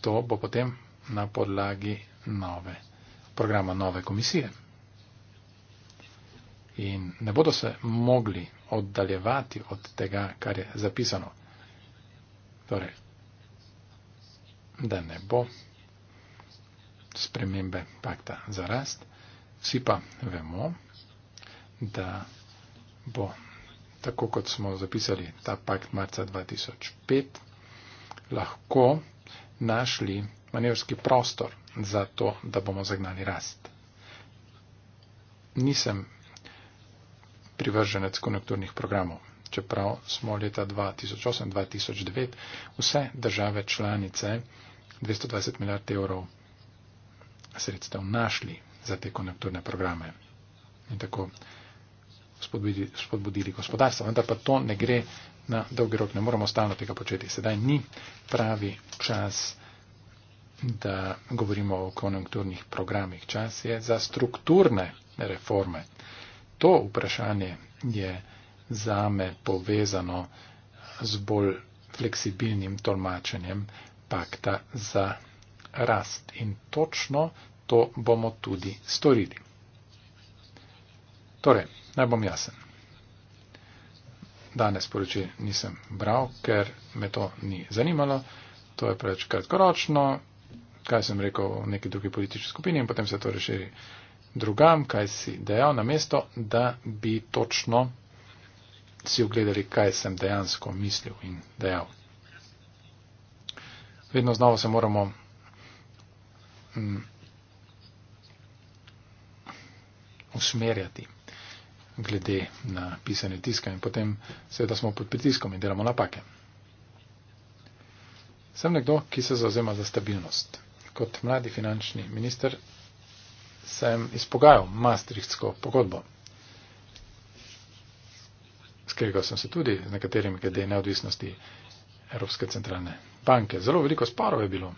S2: to bo potem na podlagi nove, programa nove komisije. In ne bodo se mogli oddaljevati od tega, kar je zapisano. Torej, da ne bo spremembe pakta za rast, vsi pa vemo, da bo tako, kot smo zapisali ta pakt marca 2005, lahko našli manevrski prostor za to, da bomo zagnali rast. Nisem privrženec konjunkturnih programov, čeprav smo leta 2008-2009 vse države članice 220 milijard evrov sredstev našli za te konjunkturne programe in tako spodbudili gospodarstvo. Vendar pa to ne gre na dolgi rok. Ne moramo stalno tega početi. Sedaj ni pravi čas, da govorimo o konjunkturnih programih. Čas je za strukturne reforme. To vprašanje je zame povezano z bolj fleksibilnim tolmačenjem pakta za rast in točno to bomo tudi storili. Torej, naj bom jasen danes poročil nisem bral, ker me to ni zanimalo. To je preveč kratkoročno, kaj sem rekel v neki drugi politični skupini in potem se to reširi drugam, kaj si dejal na mesto, da bi točno si ogledali, kaj sem dejansko mislil in dejal. Vedno znova se moramo mm, usmerjati. Mm, glede na pisanje tiska in potem seveda smo pod pritiskom in delamo napake. Sem nekdo, ki se zauzema za stabilnost. Kot mladi finančni minister sem izpogajal Maastrichtsko pogodbo. Skregal sem se tudi z nekaterimi glede neodvisnosti Evropske centralne banke. Zelo veliko sporov je bilo,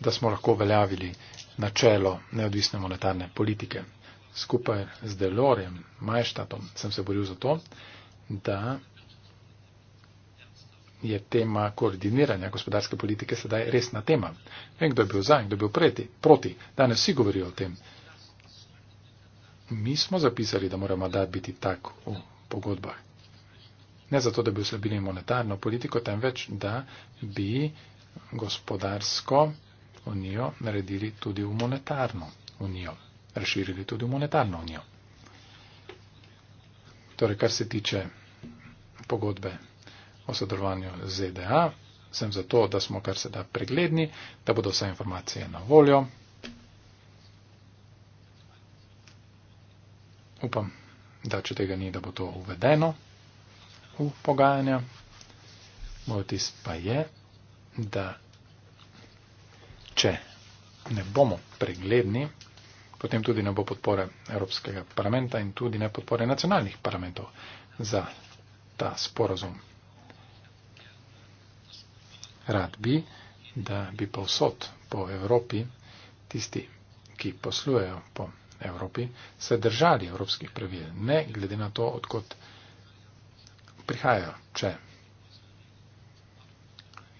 S2: da smo lahko uveljavili načelo neodvisne monetarne politike skupaj z Delorem Majštatom sem se boril za to, da je tema koordiniranja gospodarske politike sedaj resna tema. Vem, kdo je bil za in kdo je bil preti, proti. Danes vsi govorijo o tem. Mi smo zapisali, da moramo dati biti tak v pogodbah. Ne zato, da bi oslabili monetarno politiko, temveč, da bi gospodarsko unijo naredili tudi v monetarno unijo razširili tudi v monetarno unijo. Torej, kar se tiče pogodbe o sodelovanju z ZDA, sem zato, da smo kar se da pregledni, da bodo vse informacije na voljo. Upam, da če tega ni, da bo to uvedeno v pogajanja. Moj otis pa je, da če ne bomo pregledni potem tudi ne bo podpore Evropskega parlamenta in tudi ne podpore nacionalnih parlamentov za ta sporozum. Rad bi, da bi povsod po Evropi tisti, ki poslujejo po Evropi, se držali evropskih pravil, ne glede na to, odkot prihajajo, če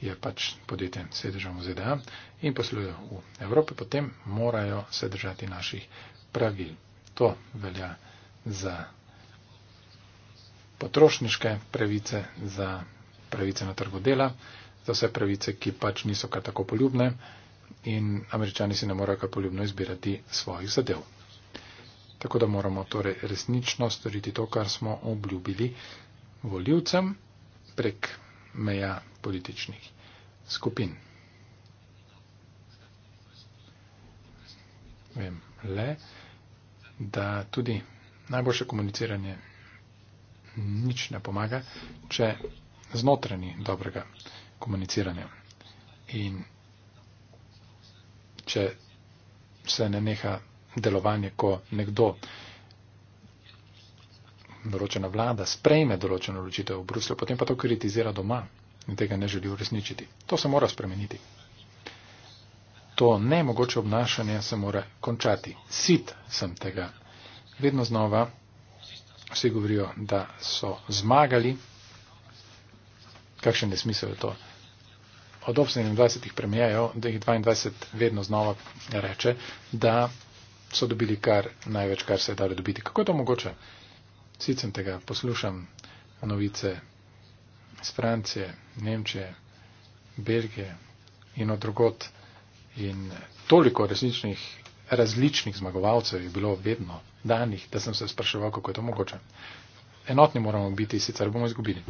S2: je pač podjetje sedežem v ZDA in poslujejo v Evropi, potem morajo se držati naših pravil. To velja za potrošniške pravice, za pravice na trgu dela, za vse pravice, ki pač niso kar tako poljubne in američani si ne morejo kar poljubno izbirati svojih zadev. Tako da moramo torej resnično storiti to, kar smo obljubili voljivcem prek meja političnih skupin. Vem le, da tudi najboljše komuniciranje nič ne pomaga, če znotrajni dobrega komuniciranja in če se ne neha delovanje, ko nekdo določena vlada sprejme določeno odločitev v Bruslju, potem pa to kritizira doma in tega ne želi uresničiti. To se mora spremeniti. To nemogoče obnašanje se mora končati. Sit sem tega. Vedno znova vsi govorijo, da so zmagali. Kakšen nesmisel je to? Od 27 premijejev, da jih 22 vedno znova reče, da so dobili kar največ, kar se je dalo dobiti. Kako je to mogoče? Sicer sem tega poslušam novice iz Francije, Nemčije, Belgije in od drugot. In toliko različnih, različnih zmagovalcev je bilo vedno danih, da sem se spraševal, kako je to mogoče. Enotni moramo biti, sicer bomo izgubili.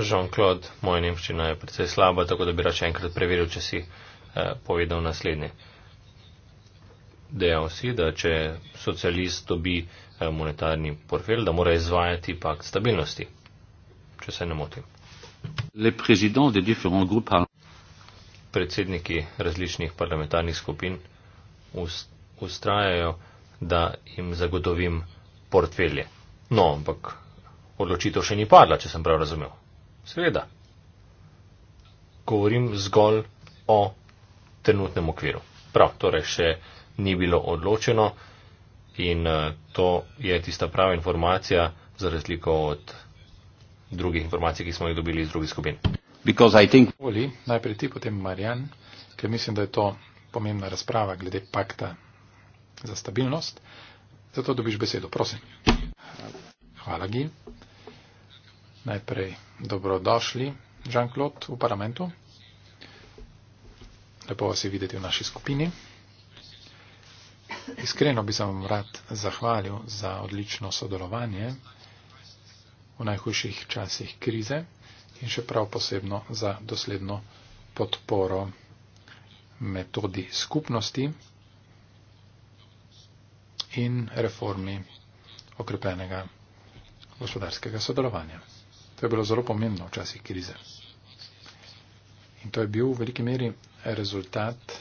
S1: Jean-Claude, moja nemščina je precej slaba, tako da bi rad še enkrat preveril, če si eh, povedal naslednje. Dejal si, da če socialist dobi Eh, monetarni portfelj, da mora izvajati pakt stabilnosti, če se ne motim. Predsedniki različnih parlamentarnih skupin ustrajajo, da jim zagotovim portfelje. No, ampak odločitev še ni padla, če sem prav razumel. Seveda. Govorim zgolj o trenutnem okviru. Prav, torej še ni bilo odločeno in eh, to je tista prava informacija za razliko od drugih informacij, ki smo jih dobili iz drugih skupin. Think...
S2: Oli, najprej ti, potem Marjan, ker mislim, da je to pomembna razprava glede pakta za stabilnost. Zato dobiš besedo, prosim. Hvala, Gil. Najprej dobrodošli, Jean-Claude, v parlamentu. Lepo vas je videti v naši skupini. Iskreno bi se vam rad zahvalil za odlično sodelovanje v najhujših časih krize in še prav posebno za dosledno podporo metodi skupnosti in reformi okrepenega gospodarskega sodelovanja. To je bilo zelo pomembno v časih krize. In to je bil v veliki meri rezultat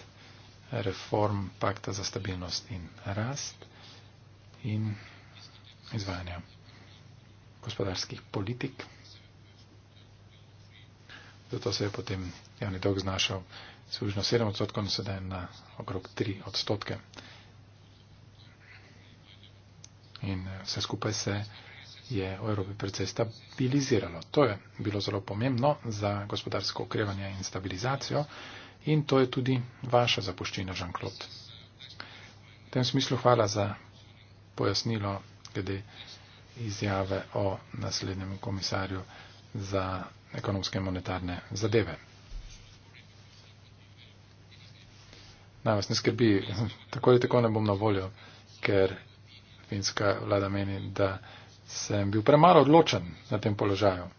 S2: reform pakta za stabilnost in rast in izvajanja gospodarskih politik. Zato se je potem javni dolg znašel služno 7 odstotkov in sedaj na okrog 3 odstotke. In eh, vse skupaj se je v Evropi precej stabiliziralo. To je bilo zelo pomembno za gospodarsko okrevanje in stabilizacijo. In to je tudi vaša zapuščina, Žanklot. V tem smislu hvala za pojasnilo glede izjave o naslednjem komisarju za ekonomske in monetarne zadeve. Naj vas ne skrbi, tako ali tako ne bom na voljo, ker finska vlada meni, da sem bil premalo odločen na tem položaju.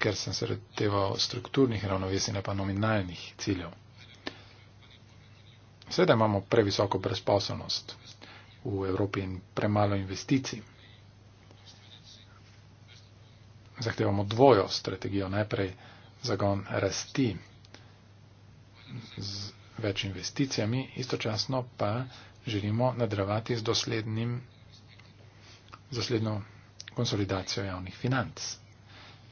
S2: ker sem se loteval strukturnih ravnovesij, ne pa nominalnih ciljev. Sedaj imamo previsoko brezposobnost v Evropi in premalo investicij. Zahtevamo dvojo strategijo, najprej zagon rasti z več investicijami, istočasno pa želimo nadrevati z doslednim, z dosledno konsolidacijo javnih financ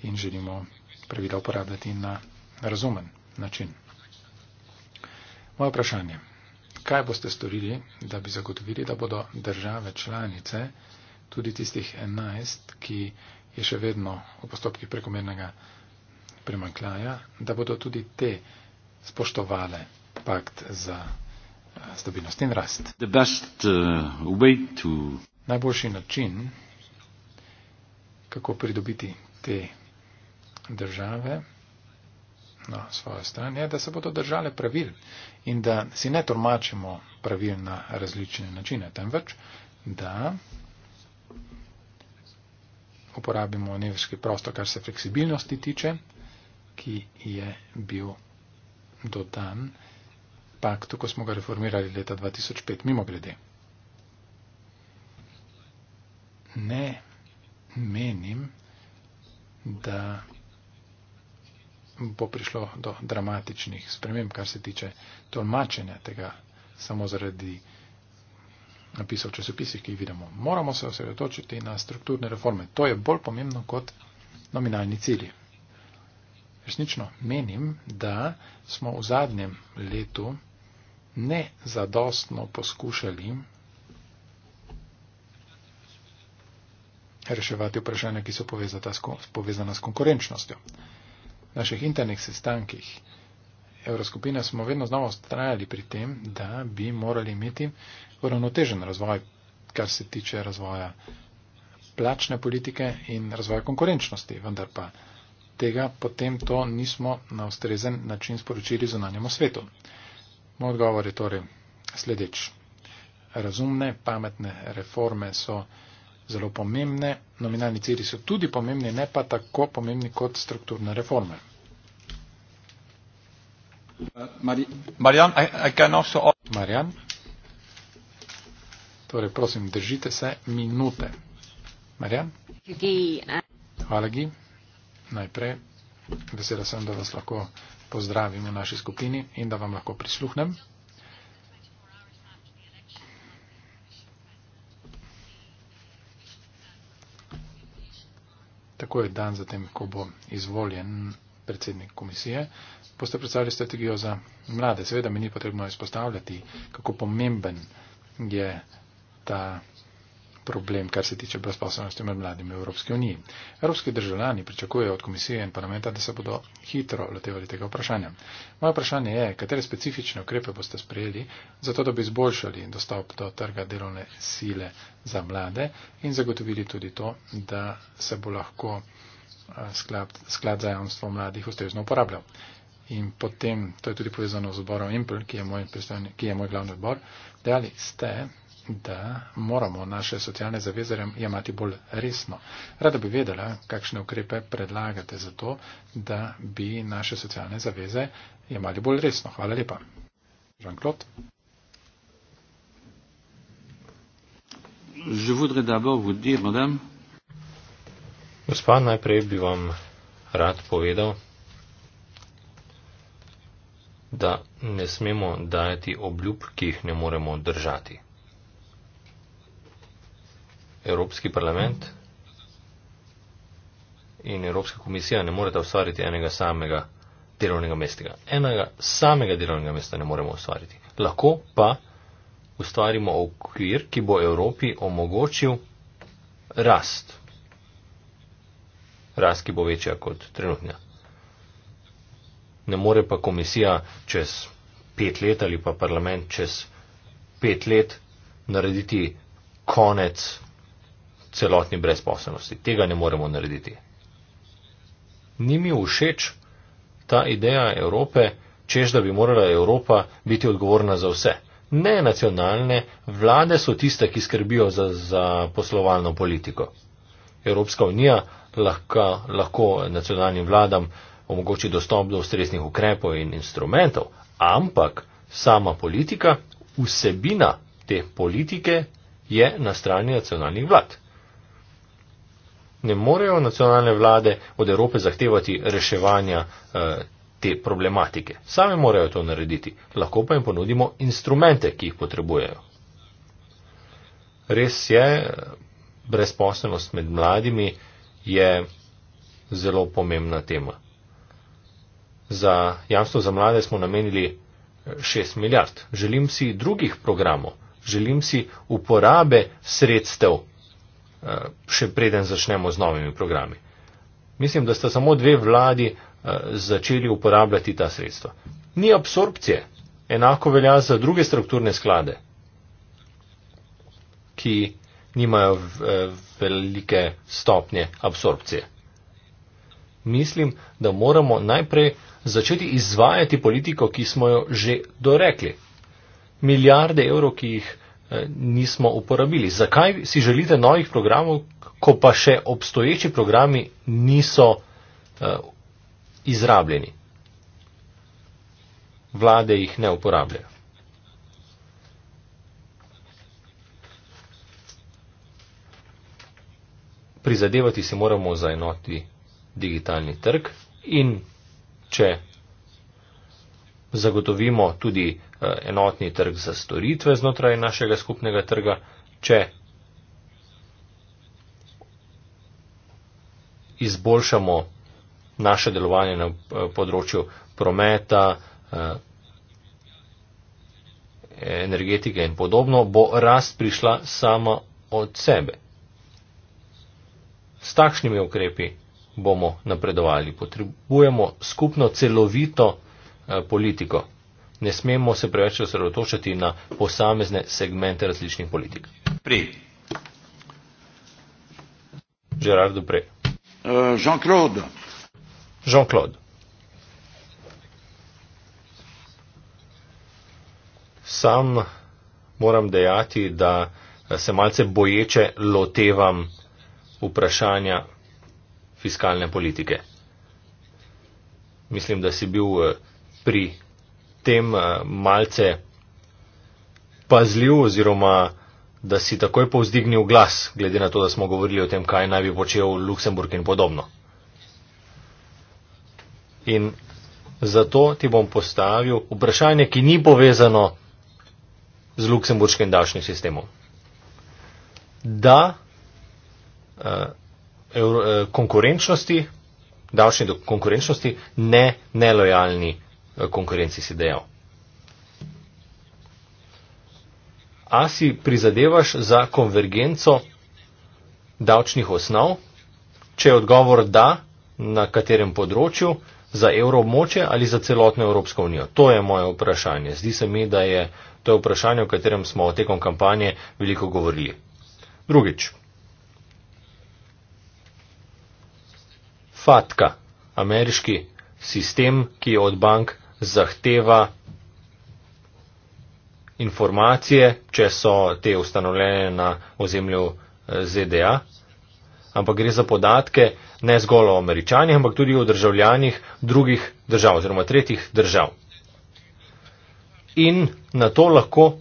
S2: in želimo pravila uporabljati na razumen način. Moje vprašanje. Kaj boste storili, da bi zagotovili, da bodo države članice, tudi tistih 11, ki je še vedno v postopkih prekomernega premanklaja, da bodo tudi te spoštovale pakt za eh, stabilnost in rast?
S1: Best, uh, to...
S2: Najboljši način, kako pridobiti te države no, svoje stanje, da se bodo držale pravil in da si ne tolmačimo pravil na različne načine, temveč da uporabimo neveški prostor, kar se fleksibilnosti tiče, ki je bil dodan paktu, ko smo ga reformirali leta 2005, mimo glede. Ne menim, da bo prišlo do dramatičnih sprememb, kar se tiče tolmačenja tega samo zaradi napisov časopisih, ki jih vidimo. Moramo se osredotočiti na strukturne reforme. To je bolj pomembno kot nominalni cilji. Resnično menim, da smo v zadnjem letu nezadostno poskušali reševati vprašanja, ki so povezana s konkurenčnostjo naših internih sestankih Evroskupine smo vedno znova ustrajali pri tem, da bi morali imeti uravnotežen razvoj, kar se tiče razvoja plačne politike in razvoja konkurenčnosti, vendar pa tega potem to nismo na ustrezen način sporočili zunanjemu svetu. Moj odgovor je torej sledeč. Razumne, pametne reforme so zelo pomembne, nominalni cilji so tudi pomembni, ne pa tako pomembni kot strukturne reforme. Marjan, I, I can also... Marjan, torej prosim, držite se minute. Marjan? Hvala, Gi. Najprej, vesela sem, da vas lahko pozdravim v naši skupini in da vam lahko prisluhnem. Tako je dan zatem, ko bo izvoljen predsednik komisije. Uh, boste predstavili strategijo za mlade. Seveda mi ni potrebno izpostavljati, kako pomemben je ta problem, kar se tiče brezposobnosti med mladimi v Evropski uniji. Evropski državljani pričakujejo od komisije in parlamenta, da se bodo hitro lotevali tega vprašanja. Moje vprašanje je, katere specifične ukrepe boste sprejeli, zato da bi izboljšali dostop do trga delovne sile za mlade in zagotovili tudi to, da se bo lahko eh, sklad, sklad za javnstvo mladih ustrezno uporabljal in potem, to je tudi povezano z odborom Impel, ki je moj, ki je moj glavni odbor, dejali ste, da moramo naše socialne zavezare jemati bolj resno. Rada bi vedela, kakšne ukrepe predlagate za to, da bi naše socialne zaveze jemali bolj resno. Hvala lepa. Jean-Claude.
S1: Je voudrais d'abord vous dire, madame. Gospa, najprej bi vam rad povedal, da ne smemo dajati obljub, ki jih ne moremo držati. Evropski parlament in Evropska komisija ne moreta ustvariti enega samega delovnega mesta. Enega samega delovnega mesta ne moremo ustvariti. Lahko pa ustvarimo okvir, ki bo Evropi omogočil rast. Rast, ki bo večja kot trenutnja ne more pa komisija čez pet let ali pa parlament čez pet let narediti konec celotni brezposobnosti. Tega ne moremo narediti. Ni mi všeč ta ideja Evrope, čež da bi morala Evropa biti odgovorna za vse. Ne nacionalne, vlade so tiste, ki skrbijo za, za poslovalno politiko. Evropska unija lahko, lahko nacionalnim vladam uh, omogoči dostop do ustreznih ukrepov in instrumentov, ampak sama politika, vsebina te politike je na strani nacionalnih vlad. Ne morejo nacionalne vlade od Evrope zahtevati reševanja eh, te problematike. Same morajo to narediti, lahko pa jim ponudimo instrumente, ki jih potrebujejo. Res je, brezposobnost med mladimi je zelo pomembna tema. Za jamstvo za mlade smo namenili 6 eh, milijard. Želim si drugih programov, želim si uporabe sredstev, eh, še preden začnemo z novimi programi. Mislim, da sta samo dve vladi eh, začeli uporabljati ta sredstva. Ni absorpcije, enako velja za druge strukturne sklade, ki nimajo velike stopnje absorpcije. Mislim, da moramo najprej začeti izvajati politiko, ki smo jo že dorekli. Milijarde evrov, ki jih eh, nismo uporabili. Zakaj si želite novih programov, ko pa še obstoječi programi niso uh, izrabljeni? Vlade jih ne uporabljajo. Prizadevati se moramo za enoti digitalni trg in če zagotovimo tudi eh, enotni trg za storitve znotraj našega skupnega trga, če izboljšamo naše delovanje na eh, področju prometa, eh, energetike in podobno, bo rast prišla sama od sebe. S takšnimi ukrepi bomo napredovali. Potrebujemo skupno celovito eh, politiko. Ne smemo se preveč osredotočati na posamezne segmente različnih politik. Pri. Gerard Dupre. Uh, eh, Jean-Claude. Jean-Claude. Sam moram dejati, da eh, se malce boječe lotevam vprašanja fiskalne politike. Mislim, da si bil eh, pri tem eh, malce pazljiv oziroma da si takoj povzdignil glas, glede na to, da smo govorili o tem, kaj naj bi počel Luksemburg in podobno. In zato ti bom postavil vprašanje, ki ni povezano z luksemburškim davčnim sistemom. Da, eh, evro, eh, konkurenčnosti, davčni do konkurenčnosti, ne nelojalni eh, konkurenci si dejal. A si prizadevaš za konvergenco davčnih osnov, če je odgovor da, na katerem področju, za evroobmoče ali za celotno Evropsko unijo? To je moje vprašanje. Zdi se mi, da je to vprašanje, o katerem smo v tekom kampanje veliko govorili. Drugič. FATKA, ameriški sistem, ki od bank zahteva informacije, če so te ustanovljene na ozemlju eh, ZDA, ampak gre za podatke ne zgolj o američanih, ampak tudi o državljanih drugih držav oziroma tretjih držav. In na to lahko,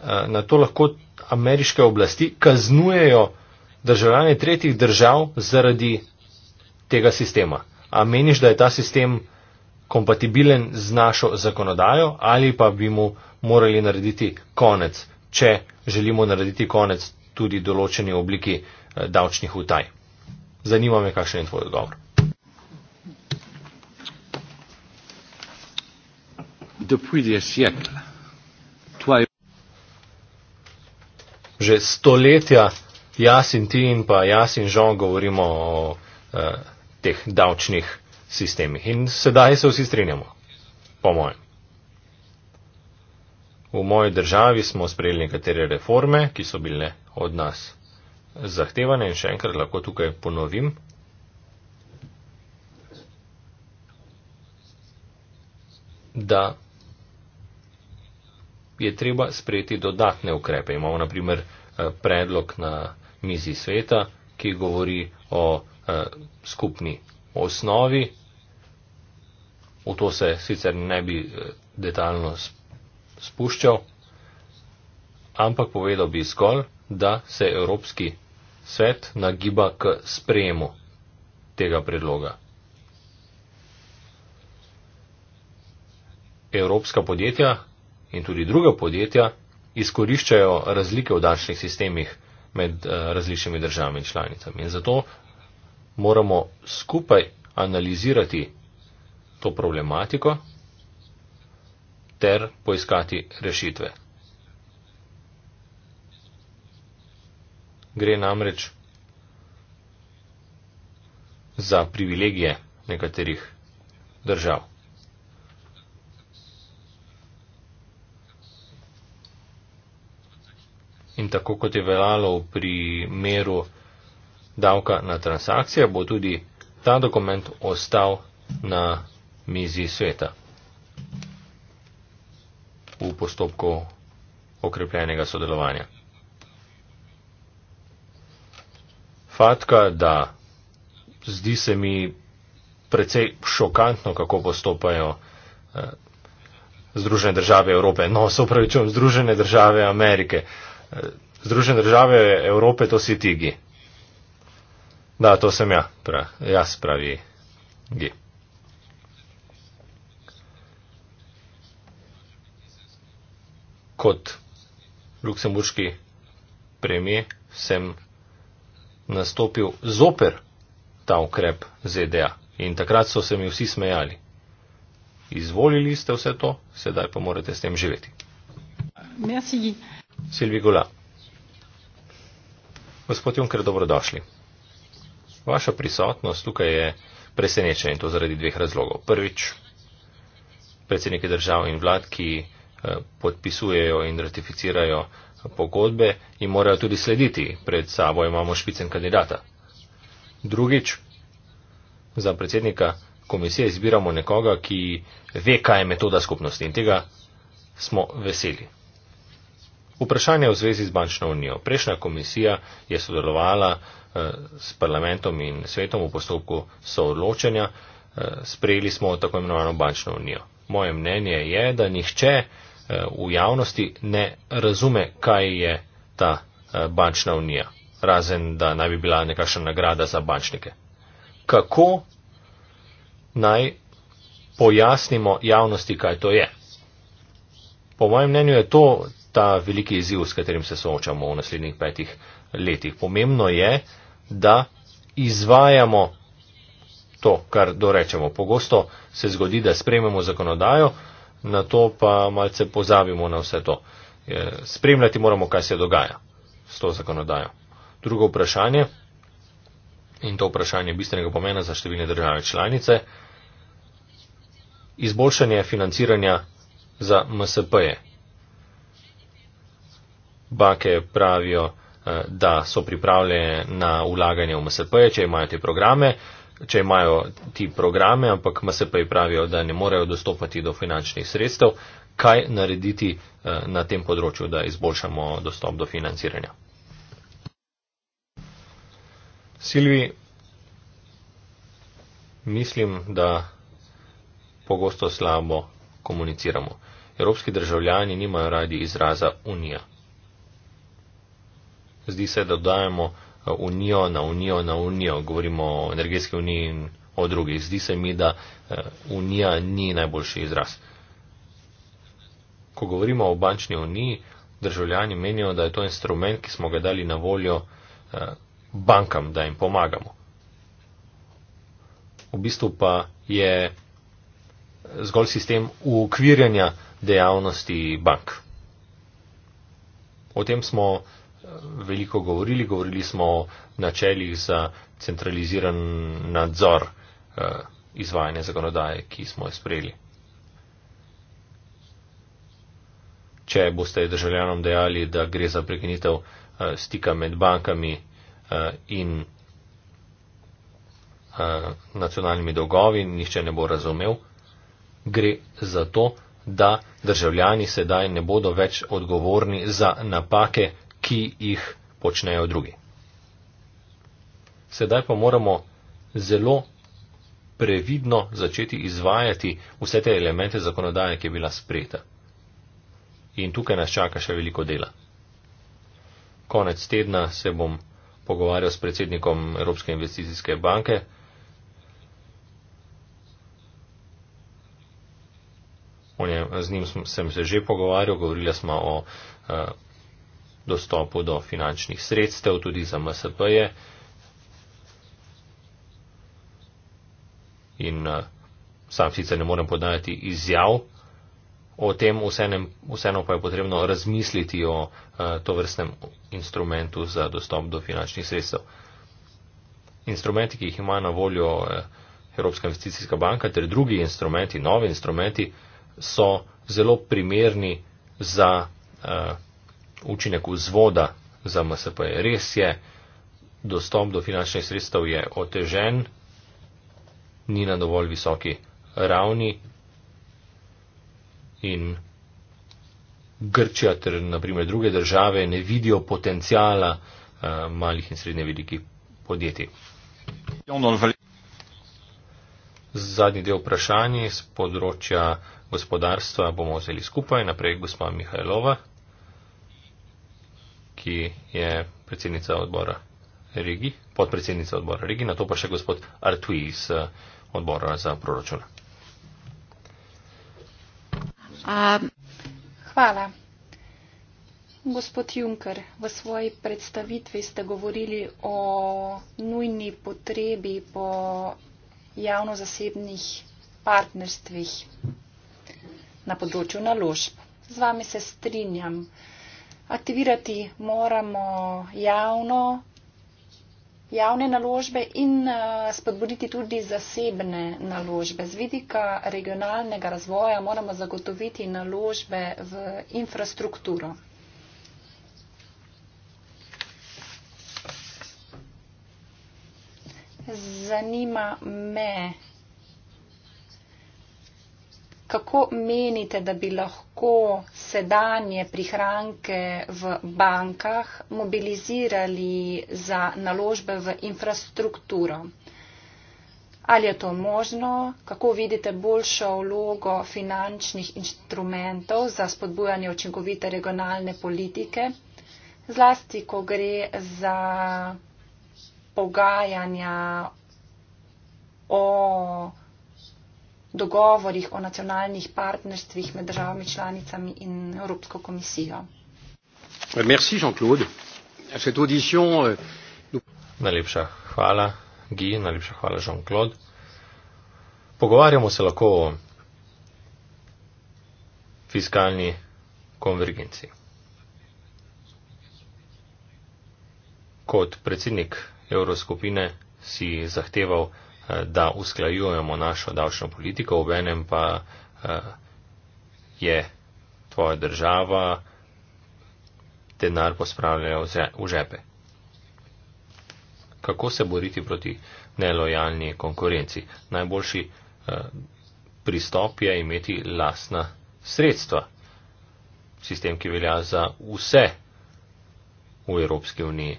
S1: eh, na to lahko ameriške oblasti kaznujejo državljani tretjih držav zaradi tega sistema. A meniš, da je ta sistem kompatibilen z našo zakonodajo ali pa bi mu morali narediti konec, če želimo narediti konec tudi določeni obliki eh, davčnih utaj. Zanima me, kakšen je tvoj odgovor. Že stoletja jaz in ti in pa jaz in žon govorimo o eh, teh davčnih sistemih. In sedaj se vsi strinjamo, po mojem. V moji državi smo sprejeli nekatere reforme, ki so bile od nas zahtevane in še enkrat lahko tukaj ponovim. da je treba sprejeti dodatne ukrepe. Imamo na primer eh, predlog na mizi sveta, ki govori o eh, skupni osnovi. V to se sicer ne bi eh, detaljno spuščal, ampak povedal bi zgolj, da se Evropski svet nagiba k sprejemu tega predloga. Evropska podjetja in tudi druga podjetja izkoriščajo razlike v dačnih sistemih med eh, različnimi državami in članicami. In zato moramo skupaj analizirati to problematiko ter poiskati rešitve. Gre namreč za privilegije nekaterih držav. in tako kot je veljalo v primeru davka na transakcije, bo tudi ta dokument ostal na mizi sveta v postopku okrepljenega sodelovanja. Fatka, da zdi se mi precej šokantno, kako postopajo eh, Združene države Evrope, no, se upravičujem, Združene države Amerike. Uh, Združene države Evrope, to si ti, Gi. Da, to sem ja, pra, jaz, pravi Gi. Kot luksemburški premije sem nastopil zoper ta ukrep ZDA in takrat so se mi vsi smejali. Izvolili ste vse to, sedaj pa morate s tem živeti. Merci. Silvi Gula. Gospod Junker, dobrodošli. Vaša prisotnost tukaj je presenečenje in to zaradi dveh razlogov. Prvič, predsednike držav in vlad, ki eh, podpisujejo in ratificirajo pogodbe in morajo tudi slediti. Pred sabo imamo špicen kandidata. Drugič, za predsednika komisije izbiramo nekoga, ki ve, kaj je metoda skupnosti in tega smo veseli. Vprašanje v zvezi z bančno unijo. Prejšnja komisija je sodelovala eh, s parlamentom in svetom v postopku soodločanja, eh, sprejeli smo tako imenovano bančno unijo. Moje mnenje je, da nihče eh, v javnosti ne razume, kaj je ta bančna unija, razen da naj bi bila nekakšna nagrada za bančnike. Kako naj pojasnimo javnosti, kaj to je? Po mojem mnenju je to ta veliki izziv, s katerim se soočamo v naslednjih petih letih. Pomembno je, da izvajamo to, kar dorečemo. Pogosto se zgodi, da sprememo zakonodajo, na to pa malce pozabimo na vse to. Spremljati moramo, kaj se dogaja s to zakonodajo. Drugo vprašanje, in to vprašanje bistvenega pomena za številne države članice, izboljšanje financiranja za MSP-je. Banke pravijo, eh, da so pripravljene na ulaganje v MSP, če imajo te programe, če imajo ti programe, ampak MSP pravijo, da ne morejo dostopati do finančnih sredstev. Kaj narediti eh, na tem področju, da izboljšamo dostop do financiranja? Silvi, mislim, da pogosto slabo komuniciramo. Evropski državljani nimajo radi izraza Unija. Zdi se, da dajemo eh, unijo na unijo na unijo, govorimo o energetski uniji in o drugih. Zdi se mi, da eh, unija ni najboljši izraz. Ko govorimo o bančni uniji, državljani menijo, da je to instrument, ki smo ga dali na voljo eh, bankam, da jim pomagamo. V bistvu pa je zgolj sistem ukvirjanja dejavnosti bank. O tem smo veliko govorili. Govorili smo o načeljih za centraliziran nadzor eh, izvajanja zakonodaje, ki smo jo sprejeli. Če boste državljanom dejali, da gre za prekinitev eh, stika med bankami eh, in nacionalnimi dolgovi, nišče ne bo razumel, gre za to, da državljani sedaj ne bodo več odgovorni za napake, ki jih počnejo drugi. Sedaj pa moramo zelo previdno začeti izvajati vse te elemente zakonodaje, ki je bila sprejeta. In tukaj nas čaka še veliko dela. Konec tedna se bom pogovarjal s predsednikom Evropske investicijske banke. Je, z njim sem se že pogovarjal, govorila smo o uh, dostopu do finančnih sredstev, tudi za MSP-je. In eh, sam sicer ne morem podajati izjav o tem, vsenem, vseeno pa je potrebno razmisliti o eh, to vrstnem instrumentu za dostop do finančnih sredstev. Instrumenti, ki jih ima na voljo eh, Evropska investicijska banka ter drugi instrumenti, novi instrumenti, so zelo primerni za uh, učinek vzvoda za MSP. Res je, dostop do finančnih sredstev je otežen, ni na dovolj visoki ravni in Grčija ter naprimer druge države ne vidijo potencijala eh, malih in srednje velikih podjetij. Zadnji del vprašanja z področja gospodarstva bomo vzeli skupaj. Naprej gospa Mihajlova ki je predsednica odbora Rigi, podpredsednica odbora Rigi, na to pa še gospod Artui iz eh, odbora za proračun.
S3: Um, Hvala. Gospod Juncker, v svoji predstavitvi ste govorili o nujni potrebi po javno-zasebnih partnerstvih na področju naložb. Z vami se strinjam aktivirati moramo javno, javne naložbe in eh, spodbuditi tudi zasebne naložbe. Z vidika regionalnega razvoja moramo zagotoviti naložbe v infrastrukturo. Zanima me, kako menite, da bi lahko sedanje prihranke v bankah mobilizirali za naložbe v infrastrukturo? Ali je to možno? Kako vidite boljšo vlogo finančnih inštrumentov za spodbujanje očinkovite regionalne politike? Zlasti, ko gre za pogajanja o dogovorih o nacionalnih partnerstvih med državami članicami in Evropsko komisijo.
S1: Merci Jean-Claude. Cette audition. Euh, najlepša hvala, Guy, najlepša hvala, Jean-Claude. Pogovarjamo se lahko o fiskalni konvergenci. Kot predsednik Evroskupine si zahteval Eh, da usklajujemo našo davčno politiko, v enem pa eh, je tvoja država denar pospravljala v žepe. Kako se boriti proti nelojalni konkurenci? Najboljši eh, pristop je imeti lasna sredstva. Sistem, ki velja za vse v Evropski uniji.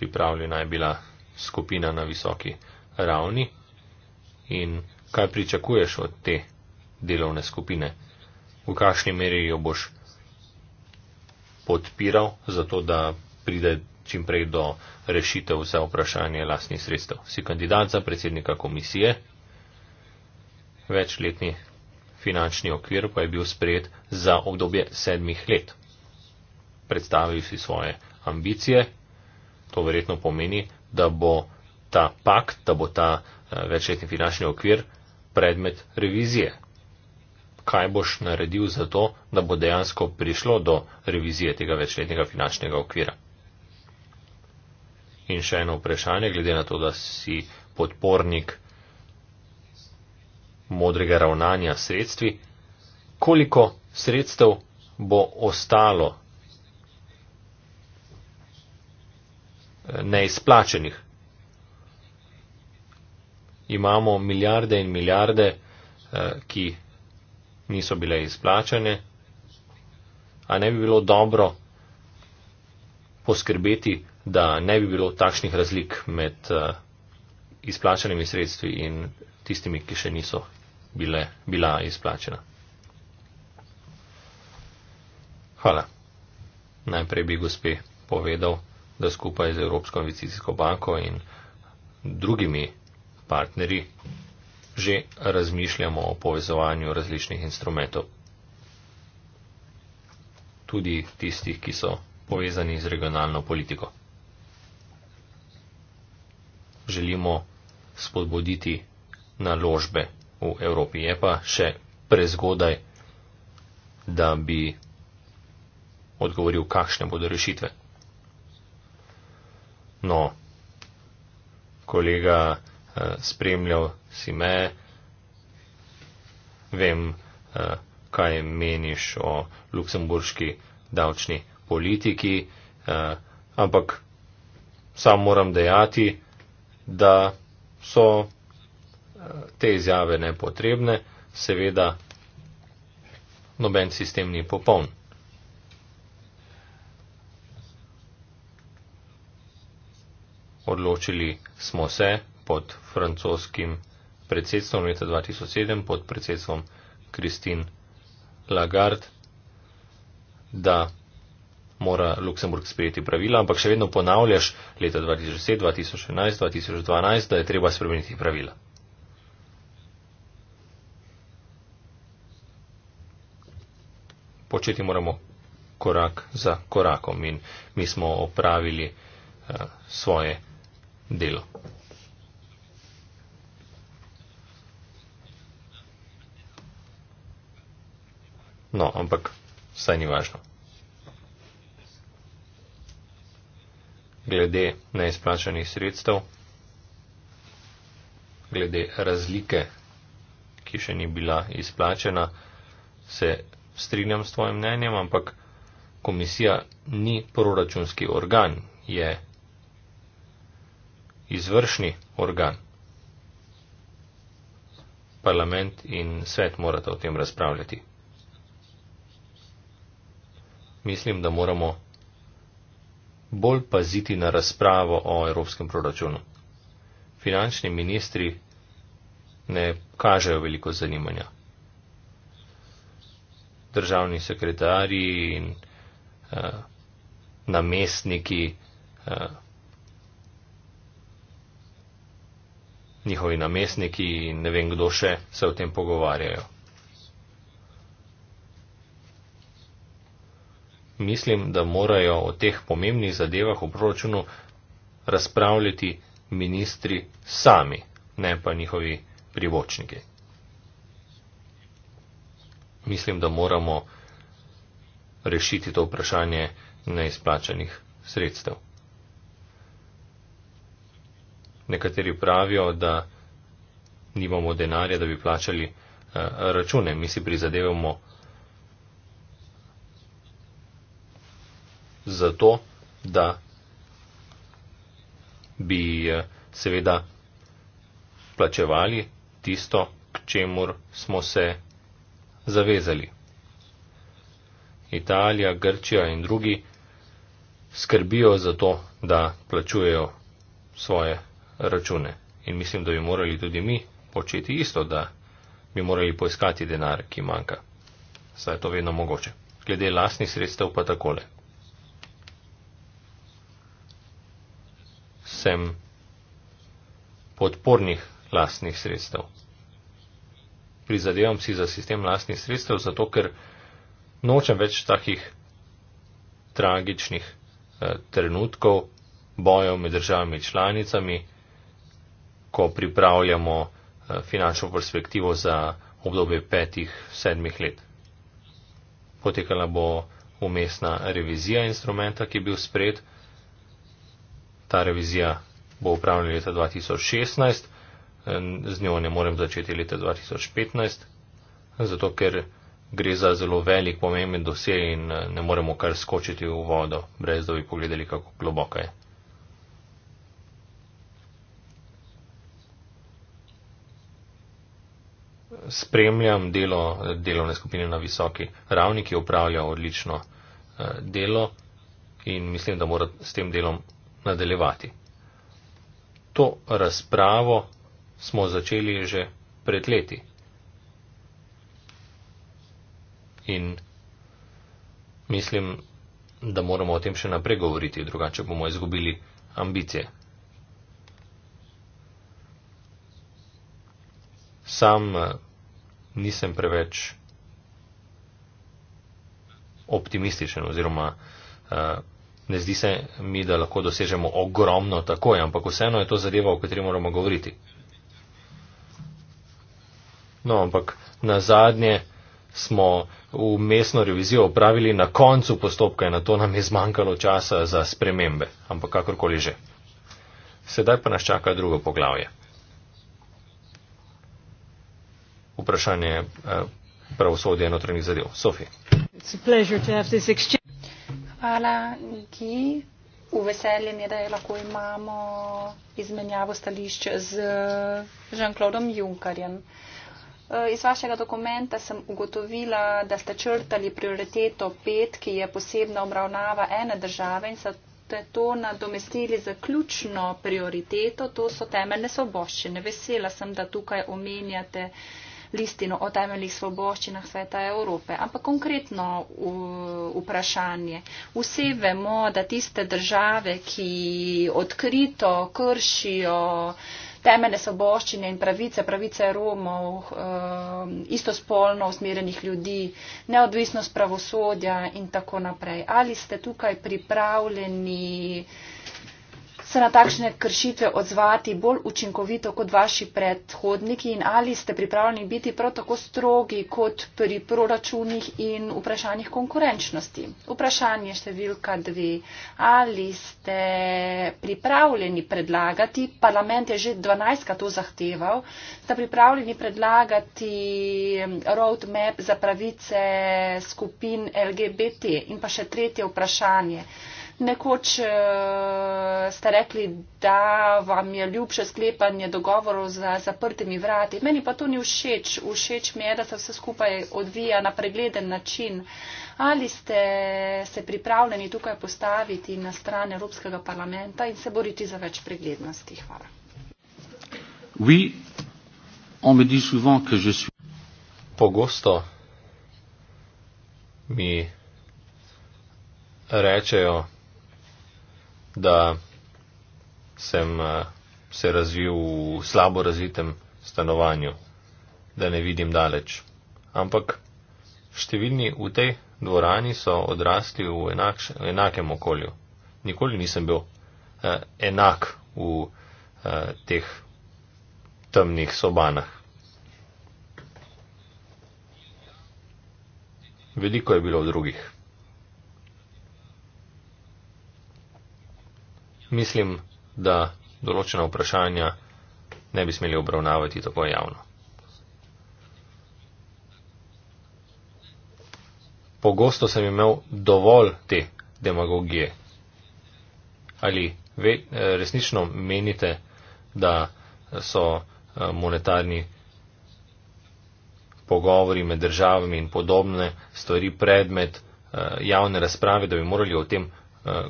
S1: Pripravljena je bila skupina na visoki ravni in kaj pričakuješ od te delovne skupine, v kakšni meri jo boš podpiral, zato da pride čim prej do rešitev vse vprašanje lastnih sredstev. Si kandidat za predsednika komisije, večletni finančni okvir pa je bil sprejet za obdobje sedmih let. Predstavil si svoje ambicije, to verjetno pomeni, da bo ta pakt, da bo ta eh, večletni finančni okvir predmet revizije. Kaj boš naredil za to, da bo dejansko prišlo do revizije tega večletnega finančnega okvira? In še eno vprašanje, glede na to, da si podpornik modrega ravnanja sredstvi, koliko sredstev bo ostalo neizplačenih. Imamo milijarde in milijarde, eh, ki niso bile izplačene, a ne bi bilo dobro poskrbeti, da ne bi bilo takšnih razlik med eh, izplačenimi sredstvi in tistimi, ki še niso bile, bila izplačena. Hvala. Najprej bi gospe povedal, da skupaj z Evropsko investicijsko banko in drugimi partnerji že razmišljamo o povezovanju različnih instrumentov. Tudi tistih, ki so povezani z regionalno politiko. Želimo spodbuditi naložbe v Evropi. Je pa še prezgodaj, da bi odgovoril, kakšne bodo rešitve. No, kolega, eh, spremljal si me, vem, eh, kaj meniš o luksemburški davčni politiki, eh, ampak sam moram dejati, da so te izjave nepotrebne, seveda noben sistem ni popoln. odločili smo se pod francoskim predsedstvom leta 2007, pod predsedstvom Christine Lagarde, da mora Luksemburg sprejeti pravila, ampak še vedno ponavljaš leta 2010, 2011, 2012, da je treba spremeniti pravila. Početi moramo korak za korakom in mi smo opravili uh, svoje delo. No, ampak vsaj ni važno. Glede neizplačanih sredstev, glede razlike, ki še ni bila izplačena, se strinjam s tvojim mnenjem, ampak komisija ni proračunski organ, je izvršni organ. Parlament in svet morata o tem razpravljati. Mislim, da moramo bolj paziti na razpravo o evropskem proračunu. Finančni ministri ne kažejo veliko zanimanja. Državni sekretarji in eh, namestniki eh, njihovi namestniki in ne vem kdo še se o tem pogovarjajo. Mislim, da morajo o teh pomembnih zadevah v proračunu razpravljati ministri sami, ne pa njihovi privočniki. Mislim, da moramo rešiti to vprašanje neizplačanih sredstev. Nekateri pravijo, da nimamo denarja, da bi plačali eh, račune. Mi si prizadevamo za to, da bi eh, seveda plačevali tisto, k čemur smo se zavezali. Italija, Grčija in drugi skrbijo za to, da plačujejo svoje račune račune. In mislim, da bi morali tudi mi početi isto, da bi morali poiskati denar, ki manjka. Saj je to vedno mogoče. Glede lastnih sredstev pa takole. Sem podpornih lastnih sredstev. Prizadevam si za sistem lastnih sredstev, zato ker nočem več takih tragičnih eh, trenutkov bojev med državami članicami, ko pripravljamo eh, finančno perspektivo za obdobje petih, sedmih let. Potekala bo umestna revizija instrumenta, ki je bil spred. Ta revizija bo upravljena leta 2016, z njo ne morem začeti leta 2015, zato ker gre za zelo velik pomemben dosej in eh, ne moremo kar skočiti v vodo, brez da bi pogledali, kako globoka je. spremljam delo delovne skupine na visoki ravni, ki upravlja odlično eh, delo in mislim, da mora s tem delom nadaljevati. To razpravo smo začeli že pred leti. In mislim, da moramo o tem še naprej govoriti, drugače bomo izgubili ambicije. Sam eh, nisem preveč optimističen oziroma eh, ne zdi se mi, da lahko dosežemo ogromno takoj, ampak vseeno je to zadeva, o kateri moramo govoriti. No, ampak na zadnje smo v mestno revizijo opravili na koncu postopka in na to nam je zmanjkalo časa za spremembe, ampak kakorkoli že. Sedaj pa nas čaka drugo poglavje. vprašanje eh, pravosodja
S3: notranjih zadev. Sofi. Hvala, Niki. V veselje mi je, da je lahko imamo izmenjavo stališč z Jean-Claudom Junckerjem. Eh, iz vašega dokumenta sem ugotovila, da ste črtali prioriteto 5, ki je posebna obravnava ene države in ste to nadomestili za ključno prioriteto, to so temeljne svoboščine. Vesela sem, da tukaj omenjate listino o temeljnih svoboščinah sveta Evrope, ampak konkretno vprašanje. Vsi vemo, da tiste države, ki odkrito kršijo temeljne svoboščine in pravice, pravice Romov, um, istospolno usmerenih ljudi, neodvisnost pravosodja in tako naprej. Ali ste tukaj pripravljeni? se na takšne kršitve odzvati bolj učinkovito kot vaši predhodniki in ali ste pripravljeni biti prav tako strogi kot pri proračunih in vprašanjih konkurenčnosti. Vprašanje številka dve. Ali ste pripravljeni predlagati, parlament je že 12 krat to zahteval, ste pripravljeni predlagati roadmap za pravice skupin LGBT? In pa še tretje vprašanje nekoč uh, ste rekli, da vam je ljubše sklepanje dogovorov za zaprtimi vrati. Meni pa to ni všeč. Všeč mi je, da se vse skupaj odvija na pregleden način. Ali ste se pripravljeni tukaj postaviti na stran Evropskega parlamenta in se boriti za več preglednosti? Hvala.
S1: Oui. On me dit souvent que je suis. Pogosto mi rečejo, da sem eh, se razvil v slabo razvitem stanovanju, da ne vidim daleč. Ampak številni v tej dvorani so odrasli v enakš, enakem okolju. Nikoli nisem bil eh, enak v eh, teh temnih sobanah. Veliko je bilo v drugih. mislim, da določena vprašanja ne bi smeli obravnavati tako javno. Pogosto sem imel dovolj te demagogije. Ali ve, eh, resnično menite, da so eh, monetarni pogovori med državami in podobne stvari predmet eh, javne razprave, da bi morali o tem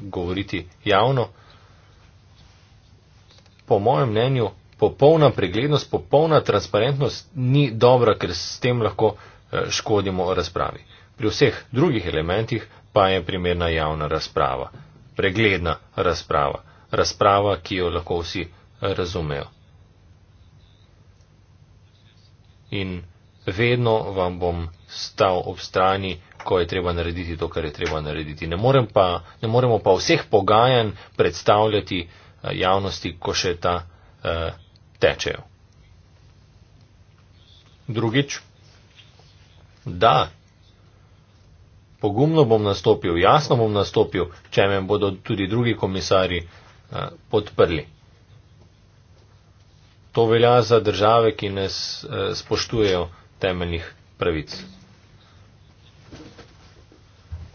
S1: govoriti javno? po mojem mnenju, popolna preglednost, popolna transparentnost ni dobra, ker s tem lahko eh, škodimo razpravi. Pri vseh drugih elementih pa je primerna javna razprava, pregledna razprava, razprava, ki jo lahko vsi eh, razumejo. In vedno vam bom stal ob strani, ko je treba narediti to, kar je treba narediti. Ne, pa, ne moremo pa vseh pogajanj predstavljati, Eh, javnosti, ko še ta eh, tečejo. Drugič, da, pogumno bom nastopil, jasno bom nastopil, če me bodo tudi drugi komisari eh, podprli. To velja za države, ki ne spoštujejo temeljnih pravic.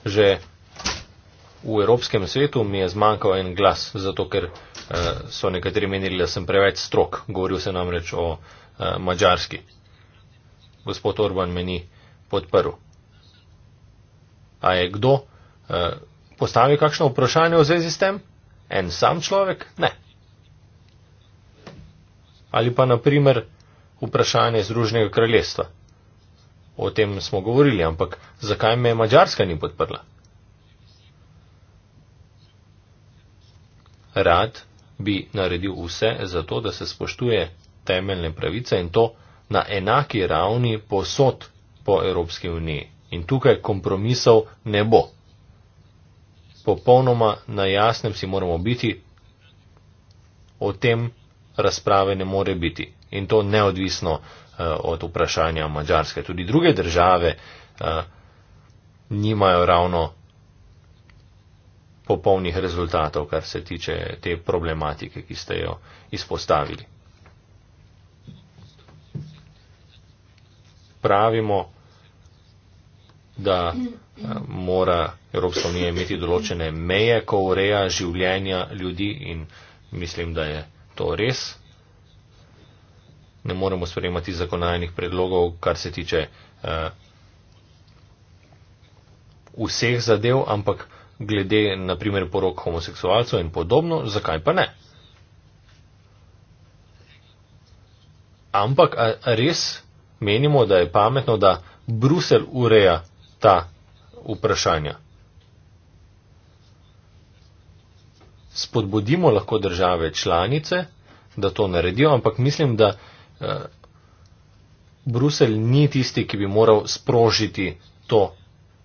S1: Že v Evropskem svetu mi je zmanjkal en glas, zato ker eh, so nekateri menili, da sem preveč strok. Govoril sem namreč o eh, mađarski. Gospod Orban me ni podprl. A je kdo eh, postavil kakšno vprašanje v zvezi s tem? En sam človek? Ne. Ali pa naprimer vprašanje Združnega kraljestva. O tem smo govorili, ampak zakaj me Mačarska ni podprla? rad bi naredil vse za to, da se spoštuje temeljne pravice in to na enaki ravni posod po Evropski uniji. In tukaj kompromisov ne bo. Popolnoma na jasnem si moramo biti, o tem razprave ne more biti. In to neodvisno uh, od vprašanja Mačarske. Tudi druge države uh, nimajo ravno popolnih rezultatov, kar se tiče te problematike, ki ste jo izpostavili. Pravimo, da eh, mora Evropska unija imeti določene meje, ko ureja življenja ljudi in mislim, da je to res. Ne moremo sprejemati zakonajnih predlogov, kar se tiče uh, vseh zadev, ampak glede na primer porok homoseksualcev in podobno, zakaj pa ne? Ampak a, a res menimo, da je pametno, da Brusel ureja ta vprašanja. Spodbudimo lahko države članice, da to naredijo, ampak mislim, da eh, Brusel ni tisti, ki bi moral sprožiti to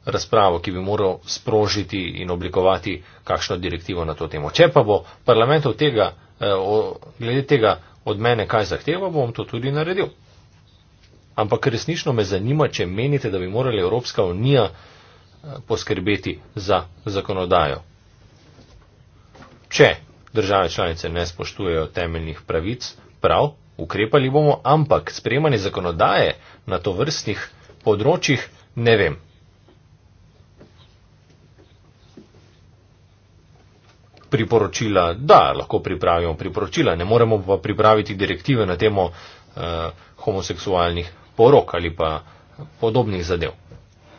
S1: razpravo, ki bi moral sprožiti in oblikovati kakšno direktivo na to temo. Če pa bo parlament tega, eh, o, glede tega od mene kaj zahteva, bom to tudi naredil. Ampak resnično me zanima, če menite, da bi morali Evropska unija eh, poskrbeti za zakonodajo. Če države članice ne spoštujejo temeljnih pravic, prav, ukrepali bomo, ampak spremanje zakonodaje na to vrstnih področjih ne vem. priporočila, da lahko pripravimo priporočila, ne moremo pa pripraviti direktive na temo eh, homoseksualnih porok ali pa podobnih zadev.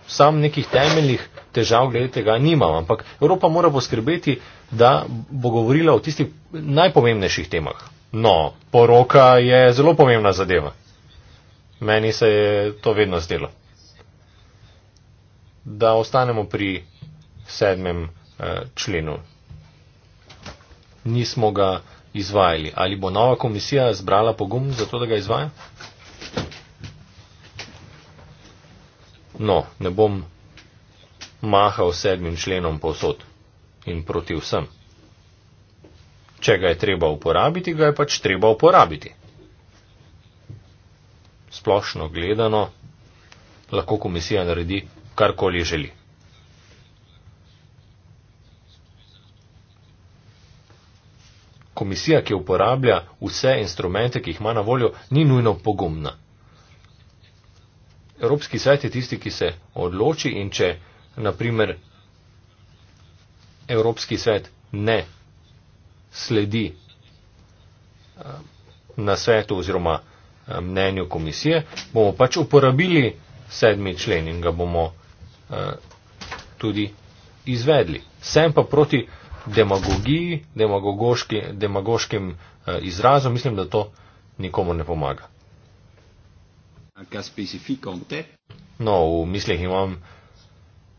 S1: Sam nekih temeljnih težav glede tega nimam, ampak Evropa mora poskrbeti, da bo govorila o tistih najpomembnejših temah. No, poroka je zelo pomembna zadeva. Meni se je to vedno zdelo. Da ostanemo pri sedmem eh, členu nismo ga izvajali. Ali bo nova komisija zbrala pogum za to, da ga izvaja? No, ne bom mahal sedmim členom povsod in proti vsem. Če ga je treba uporabiti, ga je pač treba uporabiti. Splošno gledano, lahko komisija naredi, karkoli želi. komisija, ki uporablja vse instrumente, ki jih ima na voljo, ni nujno pogumna. Evropski svet je tisti, ki se odloči in če, naprimer, Evropski svet ne sledi eh, na svetu oziroma eh, mnenju komisije, bomo pač uporabili sedmi člen in ga bomo eh, tudi izvedli. Sem pa proti uh, demagogiji, demagoškim eh, izrazom, mislim, da to nikomu ne pomaga. No, v mislih imam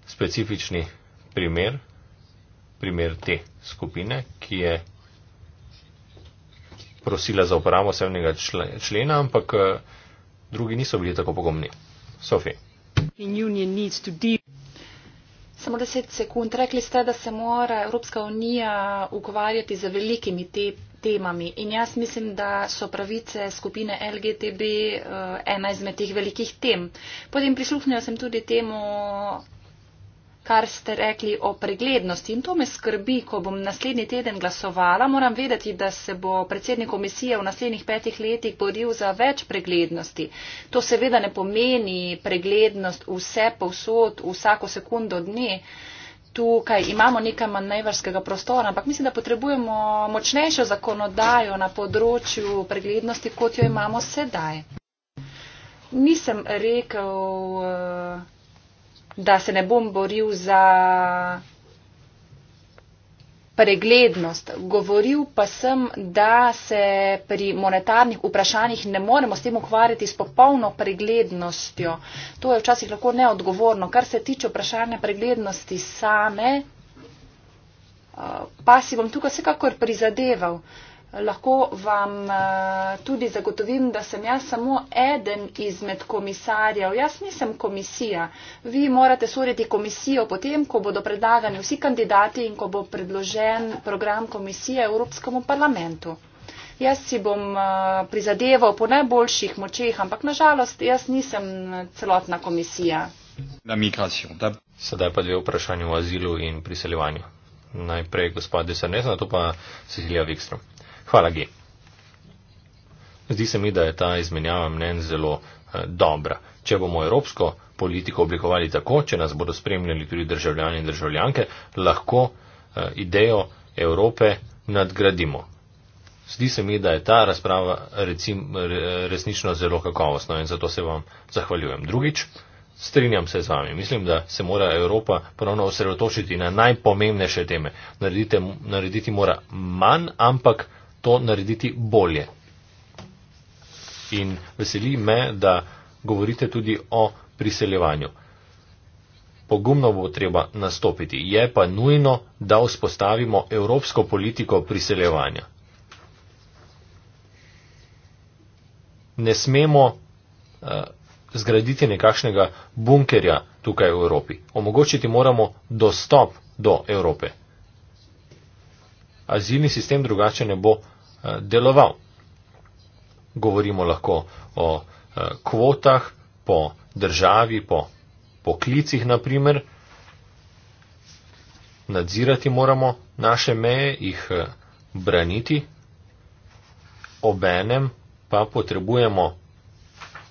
S1: specifični primer, primer te skupine, ki je prosila za uporabo sevnega člena, ampak eh, drugi niso bili tako pogumni. Sofi
S3: samo 10 sekund. Rekli ste, da se mora Evropska unija ukvarjati z velikimi te, temami. In jaz mislim, da so pravice skupine LGTB uh, eh, ena izmed teh velikih tem. Potem prisluhnila sem tudi temu kar ste rekli o preglednosti. In to me skrbi, ko bom naslednji teden glasovala. Moram vedeti, da se bo predsednik komisije v naslednjih petih letih boril za več preglednosti. To seveda ne pomeni preglednost vse povsod, vsako sekundo dne. Tukaj imamo nekaj manevrskega prostora, ampak mislim, da potrebujemo močnejšo zakonodajo na področju preglednosti, kot jo imamo sedaj. Nisem rekel. Uh, da se ne bom boril za preglednost. Govoril pa sem, da se pri monetarnih vprašanjih ne moremo s tem ukvarjati s popolno preglednostjo. To je včasih lahko neodgovorno. Kar se tiče vprašanja preglednosti same, eh, pa si bom tukaj vsekakor prizadeval lahko vam eh, tudi zagotovim, da sem jaz samo eden izmed komisarjev. Jaz nisem komisija. Vi morate suriti komisijo potem, ko bodo predlagani vsi kandidati in ko bo predložen program komisije Evropskemu parlamentu. Jaz si bom eh, prizadeval po najboljših močeh, ampak nažalost jaz nisem celotna komisija.
S1: Sedaj pa dve vprašanje o azilu in priseljevanju. Najprej gospod Desernes, na to pa Cecilija Vikstrom. Hvala, G. Zdi se mi, da je ta izmenjava mnen zelo eh, dobra. Če bomo evropsko politiko oblikovali tako, če nas bodo spremljali tudi državljani in državljanke, lahko eh, idejo Evrope nadgradimo. Zdi se mi, da je ta razprava recim, resnično zelo kakovostna in zato se vam zahvaljujem. Drugič, strinjam se z vami. Mislim, da se mora Evropa ponovno osredotočiti na najpomembnejše teme. Narediti, narediti mora manj, ampak to narediti bolje. In veseli me, da govorite tudi o priseljevanju. Pogumno bo treba nastopiti. Je pa nujno, da vzpostavimo evropsko politiko priseljevanja. Ne smemo uh, zgraditi nekakšnega bunkerja tukaj v Evropi. Omogočiti moramo dostop do Evrope azilni sistem drugače ne bo eh, deloval. Govorimo lahko o eh, kvotah po državi, po poklicih naprimer. Nadzirati moramo naše meje, jih eh, braniti. Obenem pa potrebujemo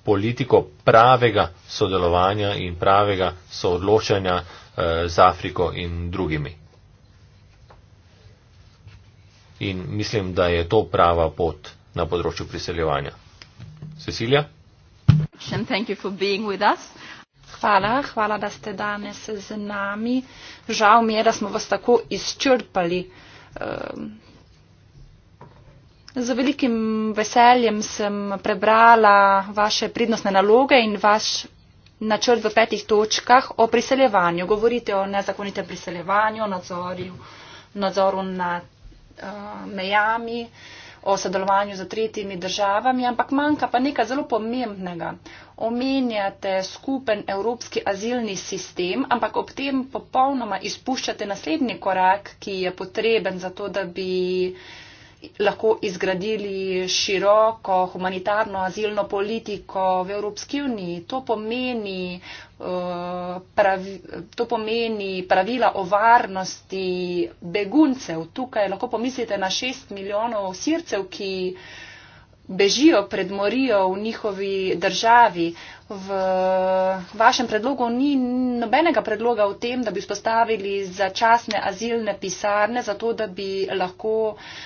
S1: politiko pravega sodelovanja in pravega soodločanja z Afriko in drugimi in mislim, da je to prava pot na področju priseljevanja. Cecilija?
S3: Hvala, hvala, da ste danes z nami. Žal mi je, da smo vas tako izčrpali. Ehm, z velikim veseljem sem prebrala vaše prednostne naloge in vaš načrt v petih točkah o priseljevanju. Govorite o nezakonitem priseljevanju, o nadzorju, nadzoru nad Eh, mejami, o sodelovanju z tretjimi državami, ampak manjka pa nekaj zelo pomembnega. Omenjate skupen evropski azilni sistem, ampak ob tem popolnoma izpuščate naslednji korak, ki je potreben za to, da bi lahko izgradili široko humanitarno azilno politiko v Evropski uniji. To pomeni, eh, pravi, to pomeni pravila o varnosti beguncev. Tukaj lahko pomislite na šest milijonov sircev, ki bežijo pred morijo v njihovi državi v vašem predlogu ni nobenega predloga o tem, da bi spostavili začasne azilne pisarne, zato da bi lahko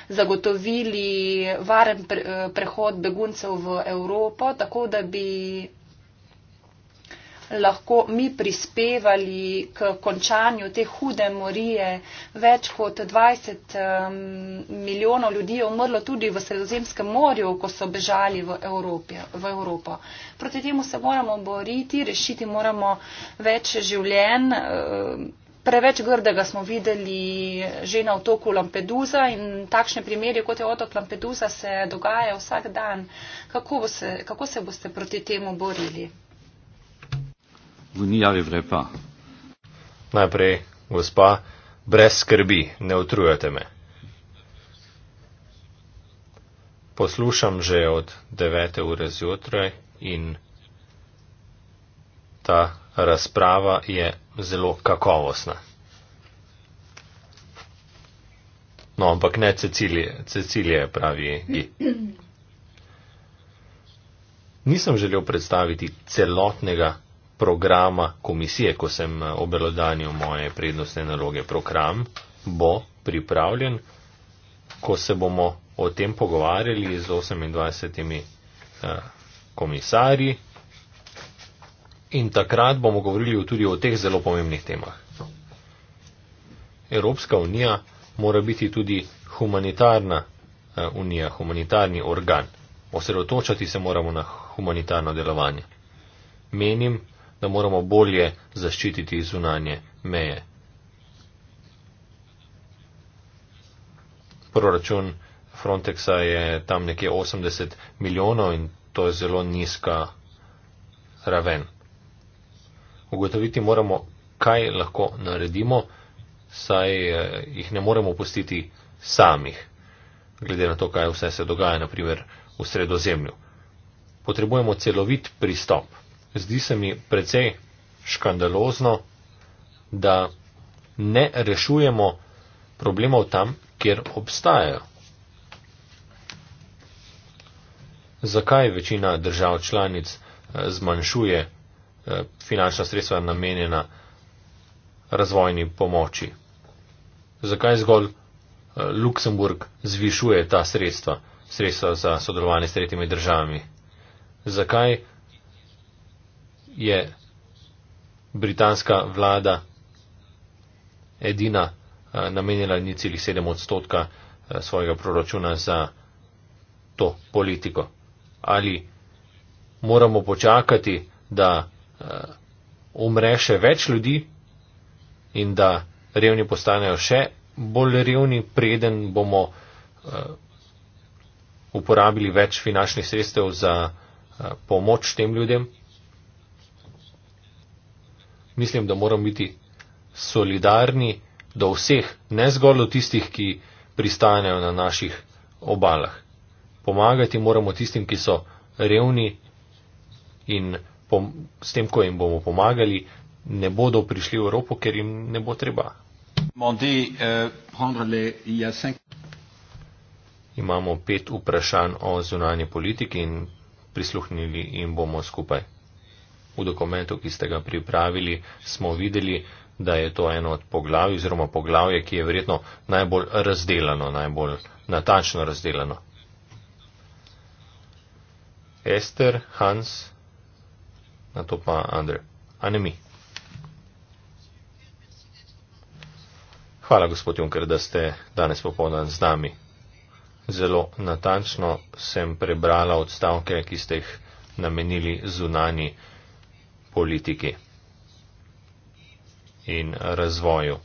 S3: zagotovili varen eh, prehod beguncev v Evropo, tako da bi lahko mi prispevali k končanju te hude morije. Več kot 20 milijonov ljudi je umrlo tudi v Sredozemskem morju, ko so bežali v, Evropi, v Evropo. Proti temu se moramo boriti, rešiti moramo več življenj. Preveč grdega smo videli že na otoku Lampedusa in takšne primere, kot je otok Lampedusa, se dogajajo vsak dan. Kako, bo se, kako se boste proti temu borili?
S1: vous n'y arriverez pas. Najprej, gospa, brez skrbi, ne utrujate me. Poslušam že od 9. ure zjutraj in ta razprava je zelo kakovostna. No, ampak ne Cecilije, Cecilije pravi. Gi. Nisem želel predstaviti celotnega programa komisije, ko sem eh, obelodanil moje prednostne naloge. Program bo pripravljen, ko se bomo o tem pogovarjali z 28 eh, komisarji in takrat bomo govorili tudi o teh zelo pomembnih temah. Evropska unija mora biti tudi humanitarna eh, unija, humanitarni organ. Osredotočati se moramo na humanitarno delovanje. Menim, da moramo bolje zaščititi zunanje meje. Proračun Frontexa je tam nekje 80 milijonov in to je zelo nizka raven. Ugotoviti moramo, kaj lahko naredimo, saj eh, jih ne moremo pustiti samih, glede na to, kaj vse se dogaja, naprimer v sredozemlju. Potrebujemo celovit pristop zdi se mi precej škandalozno, da ne rešujemo problemov tam, kjer obstajajo. Zakaj večina držav članic eh, zmanjšuje eh, finančna sredstva namenjena razvojni pomoči? Zakaj zgolj eh, Luksemburg zvišuje ta sredstva, sredstva za sodelovanje s tretjimi državami? Zakaj je britanska vlada edina eh, namenjala ni celih sedem odstotka eh, svojega proračuna za to politiko. Ali moramo počakati, da eh, umre še več ljudi in da revni postanejo še bolj revni, preden bomo uporabili več finančnih sredstev za pomoč tem ljudem mislim, da moramo biti solidarni do vseh, ne zgolj do tistih, ki pristanejo na naših obalah. Pomagati moramo tistim, ki so revni in s tem, ko jim bomo pomagali, ne bodo prišli v Evropo, ker jim ne bo treba. Eh, Imamo pet vprašanj o zunanje politiki in prisluhnili jim bomo skupaj. V dokumentu, ki ste ga pripravili, smo videli, da je to eno od poglavij, oziroma poglavje, ki je verjetno najbolj razdeljeno, najbolj natačno razdeljeno. Ester, Hans, na to pa Andrej, a ne mi. Hvala, gospod Juncker, da ste danes popoldan z nami. Zelo natančno sem prebrala odstavke, ki ste jih namenili zunani politiki in razvoju.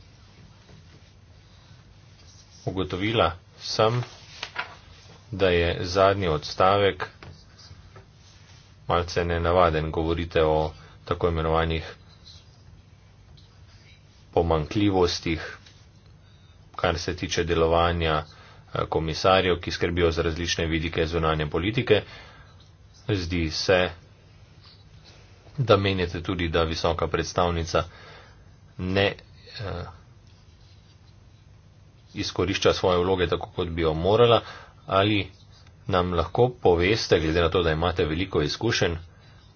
S1: Ugotovila sem, da je zadnji odstavek malce nenavaden. Govorite o tako imenovanih pomankljivostih, kar se tiče delovanja eh, komisarjev, ki skrbijo za različne vidike zunanje politike. Zdi se, da menite tudi, da visoka predstavnica ne eh, izkorišča svoje vloge tako, kot bi jo morala, ali nam lahko poveste, glede na to, da imate veliko izkušenj,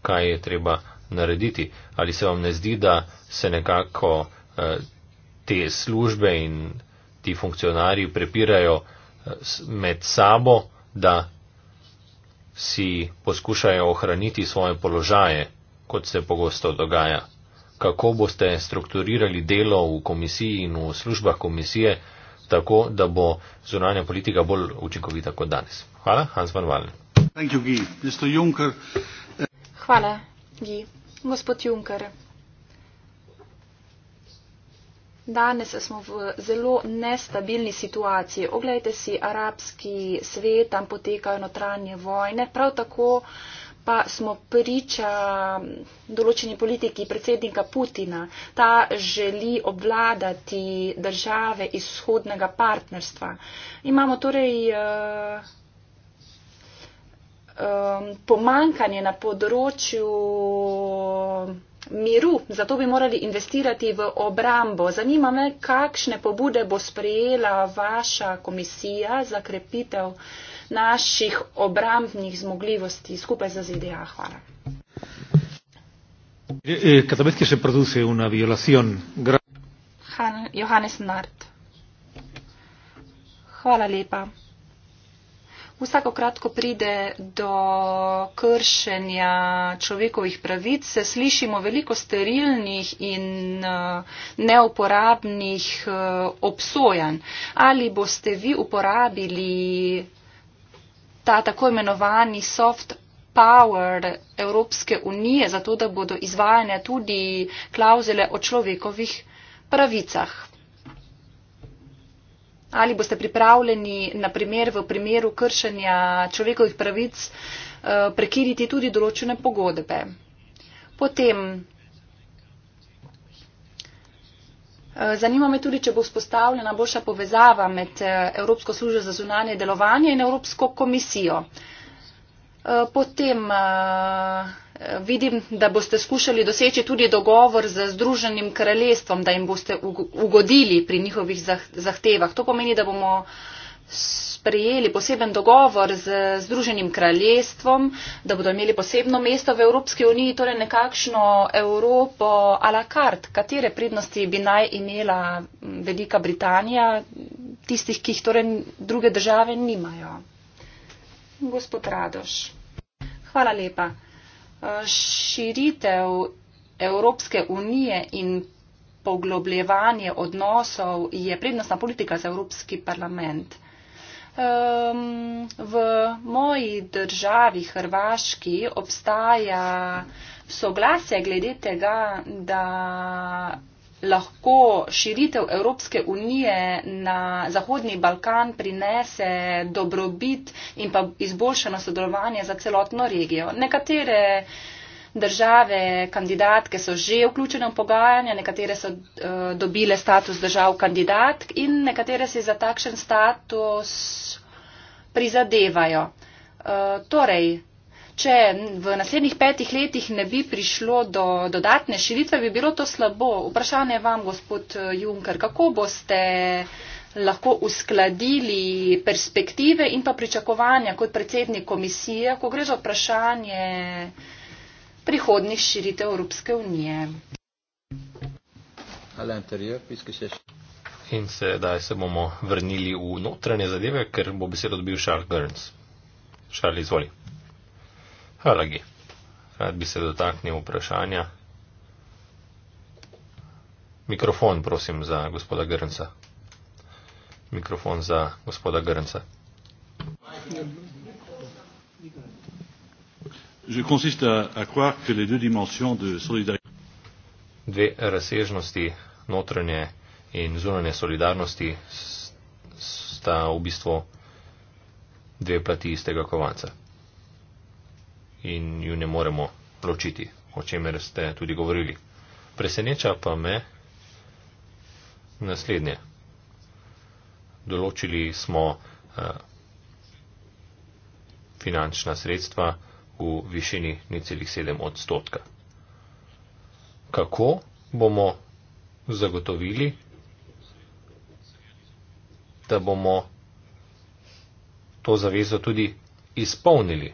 S1: kaj je treba narediti, ali se vam ne zdi, da se nekako eh, te službe in ti funkcionarji prepirajo eh, med sabo, da si poskušajo ohraniti svoje položaje kot se pogosto dogaja. Kako boste strukturirali delo v komisiji in v službah komisije, tako da bo zunanja politika bolj učinkovita kot danes? Hvala, Hans van Valen.
S3: Eh, Hvala, Gi. Gospod Juncker. Danes smo v zelo nestabilni situaciji. Oglejte si arabski svet, tam potekajo notranje vojne, prav tako pa smo priča določeni politiki predsednika Putina. Ta želi obvladati države izhodnega partnerstva. Imamo torej eh, eh, pomankanje na področju miru, zato bi morali investirati v obrambo. Zanima me, kakšne pobude bo sprejela vaša komisija za krepitev naših obrambnih zmogljivosti skupaj z ZDA. Hvala.
S2: Eh,
S1: eh,
S3: Johannes Nart. Hvala lepa. Vsako kratko pride do kršenja človekovih pravic, se slišimo veliko sterilnih in eh, neuporabnih obsojanj. Ali boste vi uporabili ta tako imenovani soft power Evropske unije, zato da bodo izvajane tudi klauzele o človekovih pravicah. Ali boste pripravljeni, na primer, v primeru kršenja človekovih pravic eh, prekiniti tudi določene pogodbe? Potem Eh, zanima me tudi, če bo vzpostavljena boljša povezava med eh, Evropsko službo za zunanje delovanje in Evropsko komisijo. Eh, potem vidim, da boste skušali doseči tudi dogovor z Združenim kraljestvom, da jim boste ugodili pri njihovih zahtevah. To pomeni, da bomo sprejeli poseben dogovor z Združenim kraljestvom, da bodo imeli posebno mesto v Evropski uniji, torej nekakšno Evropo a la carte, katere prednosti bi naj imela Velika Britanija, tistih, ki jih torej druge države nimajo. Gospod Radoš. Hvala lepa. E, širitev Evropske unije in poglobljevanje odnosov je prednostna politika za Evropski parlament um, v moji državi Hrvaški obstaja soglasje glede tega, da lahko širitev Evropske unije na Zahodni Balkan prinese dobrobit in pa izboljšano sodelovanje za celotno regijo. Nekatere uh, države kandidatke so že vključene v pogajanja, nekatere so uh, dobile status držav kandidatk in nekatere si za takšen status prizadevajo. Uh, torej, če v naslednjih petih letih ne bi prišlo do dodatne širitve, bi bilo to slabo. Vprašanje vam, gospod Juncker, kako boste lahko uskladili perspektive in pa pričakovanja kot predsednik komisije, ko gre za vprašanje uh, prihodnih širitev Evropske unije.
S1: In sedaj se bomo vrnili v notranje zadeve, ker bo besedo dobil Charles Gerns. Charles, izvoli. Hvala, Gi. Rad bi se dotaknil vprašanja. Mikrofon, prosim, za gospoda Grnca. Mikrofon za gospoda Grnca že consiste à, à croire que les deux dimensions de solidarité. Dve razsežnosti, notranje in zunanje solidarnosti, sta v bistvu dve plati istega kovanca. In ju ne moremo ločiti, o čemer ste tudi govorili. Preseneča pa me naslednje. Določili smo uh, finančna sredstva, v višini 0,7 odstotka. Kako bomo zagotovili, da bomo to zavezo tudi izpolnili?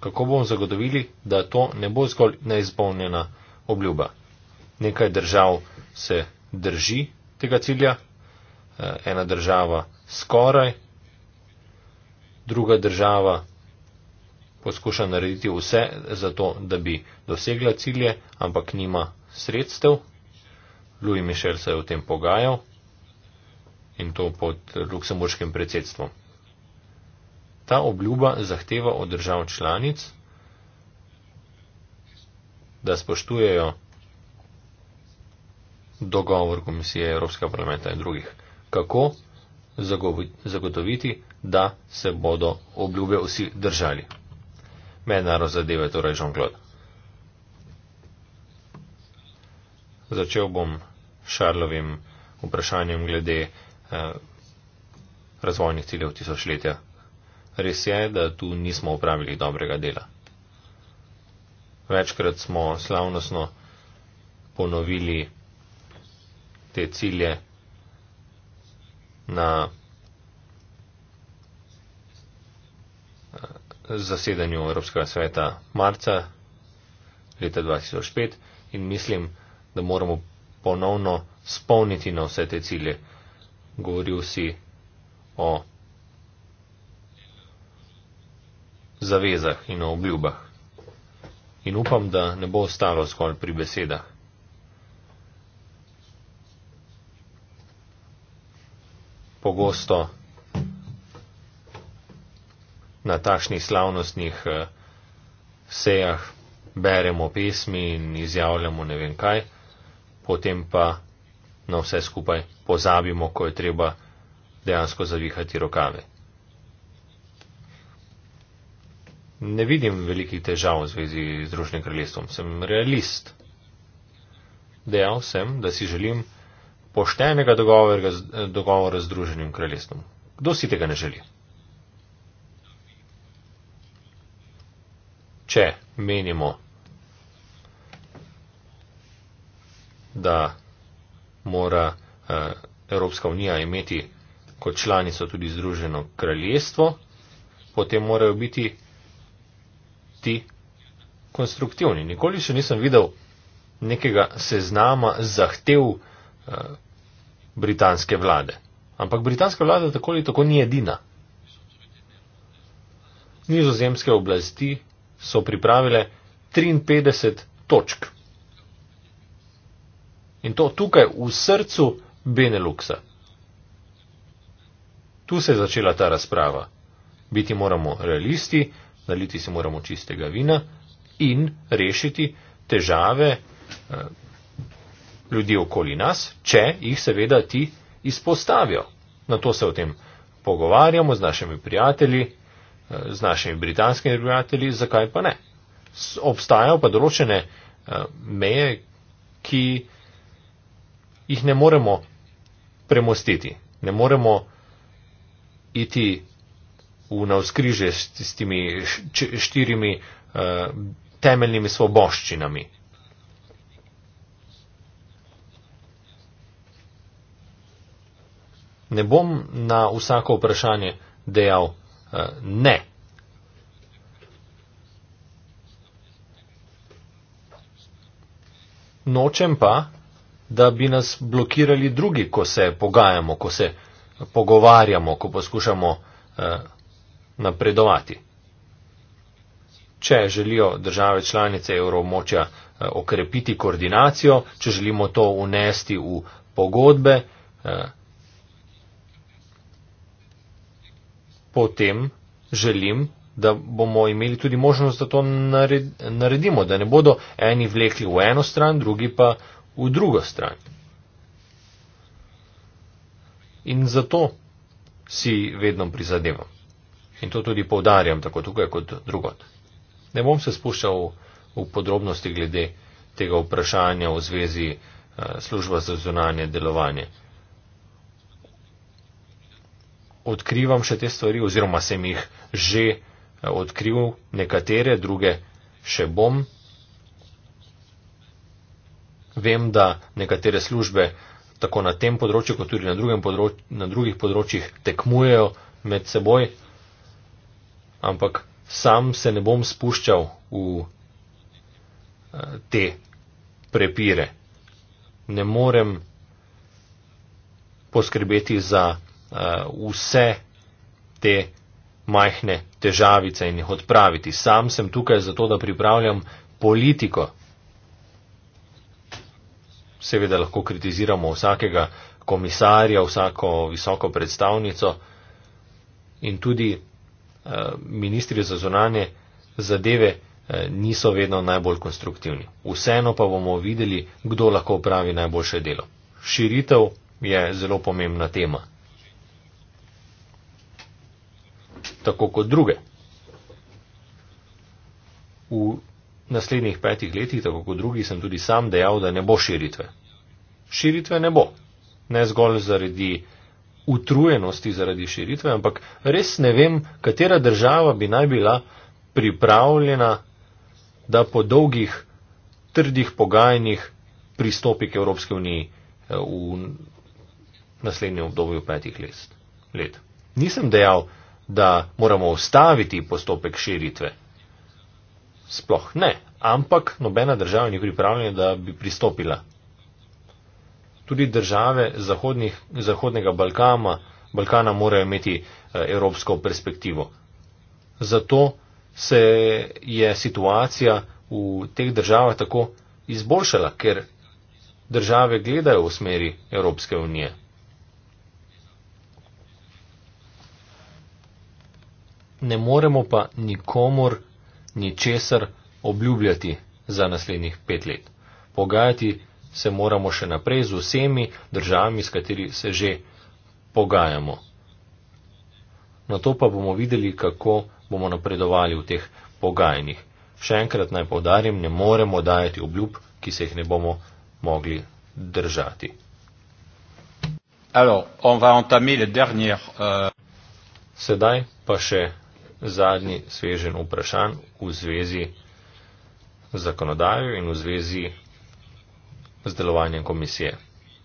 S1: Kako bomo zagotovili, da to ne bo zgolj neizpolnjena obljuba? Nekaj držav se drži tega cilja, eh, ena država skoraj, druga država poskuša narediti vse za to, da bi dosegla cilje, ampak nima sredstev. Louis Michel se je o tem pogajal in to pod luksemburškim predsedstvom. Ta obljuba zahteva od držav članic, da spoštujejo dogovor Komisije Evropskega parlamenta in drugih, kako zagotoviti, da se bodo obljube vsi držali mednarodne zadeve, torej Žonglod. Začel bom s Šarlovim vprašanjem glede eh, razvojnih ciljev tisočletja. Res je, da tu nismo upravili dobrega dela. Večkrat smo slavnostno ponovili te cilje na zasedanju Evropskega sveta marca leta 2005 in mislim, da moramo ponovno spolniti na vse te cilje. Govoril si o zavezah in o obljubah. In upam, da ne bo ostalo zgolj pri besedah. Pogosto na takšnih slavnostnih eh, sejah beremo pesmi in izjavljamo ne vem kaj, potem pa na vse skupaj pozabimo, ko je treba dejansko zavihati rokave. Ne vidim velikih težav v zvezi z Združenim kraljestvom, sem realist. Dejal sem, da si želim poštenega eh, dogovora z Združenim kraljestvom. Kdo si tega ne želi? če menimo, da mora eh, Evropska unija imeti kot članico tudi Združeno kraljestvo, potem morajo biti ti konstruktivni. Nikoli še nisem videl nekega seznama zahtev eh, britanske vlade. Ampak britanska vlada tako ali tako ni edina. Nizozemske oblasti so pripravile 53 točk. In to tukaj v srcu Beneluxa. Tu se je začela ta razprava. Biti moramo realisti, naliti se moramo čistega vina in rešiti težave eh, ljudi okoli nas, če jih seveda ti izpostavijo. Na to se o tem pogovarjamo z našimi prijatelji, Eh, z našimi britanskimi prijatelji, zakaj pa ne. Obstajajo pa določene eh, meje, ki jih ne moremo premostiti. Ne moremo iti v navskrižje s tistimi štirimi eh, temeljnimi svoboščinami. Ne bom na vsako vprašanje dejal, Uh, ne. Nočem pa, da bi nas blokirali drugi, ko se pogajamo, ko se pogovarjamo, ko poskušamo uh, napredovati. Če želijo države članice evromočja uh, eh, okrepiti koordinacijo, če želimo to unesti v pogodbe, uh, potem želim, da bomo imeli tudi možnost, da to naredimo, da ne bodo eni vlekli v eno stran, drugi pa v drugo stran. In zato si vedno prizadevam. In to tudi povdarjam, tako tukaj kot drugot. Ne bom se spuščal v, v podrobnosti glede tega vprašanja v zvezi eh, služba za zunanje delovanje odkrivam še te stvari, oziroma sem jih že eh, odkril, nekatere druge še bom. Vem, da nekatere službe tako na tem področju, kot tudi na, področ na drugih področjih tekmujejo med seboj, ampak sam se ne bom spuščal v eh, te prepire. Ne morem poskrbeti za uh, vse te majhne težavice in jih odpraviti. Sam sem tukaj zato, da pripravljam politiko. Seveda lahko kritiziramo vsakega komisarja, vsako visoko predstavnico in tudi uh, ministri za zunanje zadeve uh, niso vedno najbolj konstruktivni. Vseeno pa bomo videli, kdo lahko upravi najboljše delo. Širitev je zelo pomembna tema. tako kot druge. V naslednjih petih letih, tako kot drugi, sem tudi sam dejal, da ne bo širitve. Širitve ne bo. Ne zgolj zaradi utrujenosti zaradi širitve, ampak res ne vem, katera država bi naj bila pripravljena, da po dolgih, trdih pogajanjih pristopi k Evropske unije eh, v naslednjem obdobju petih let. Nisem dejal, da moramo ustaviti postopek širitve. Sploh ne, ampak nobena država ni pripravljena, da bi pristopila. Tudi države Zahodnih, Zahodnega Balkana, Balkana morajo imeti eh, evropsko perspektivo. Zato se je situacija v teh državah tako izboljšala, ker države gledajo v smeri Evropske unije. ne moremo pa nikomor ničesar obljubljati za naslednjih pet let. Pogajati se moramo še naprej z vsemi državami, s kateri se že pogajamo. Na to pa bomo videli, kako bomo napredovali v teh pogajanjih. Še enkrat naj povdarjam, ne moremo dajati obljub, ki se jih ne bomo mogli držati. Alors, on va entamer le dernier. Euh... Sedaj pa še zadnji svežen vprašanj v zvezi z zakonodajo in v zvezi z delovanjem komisije.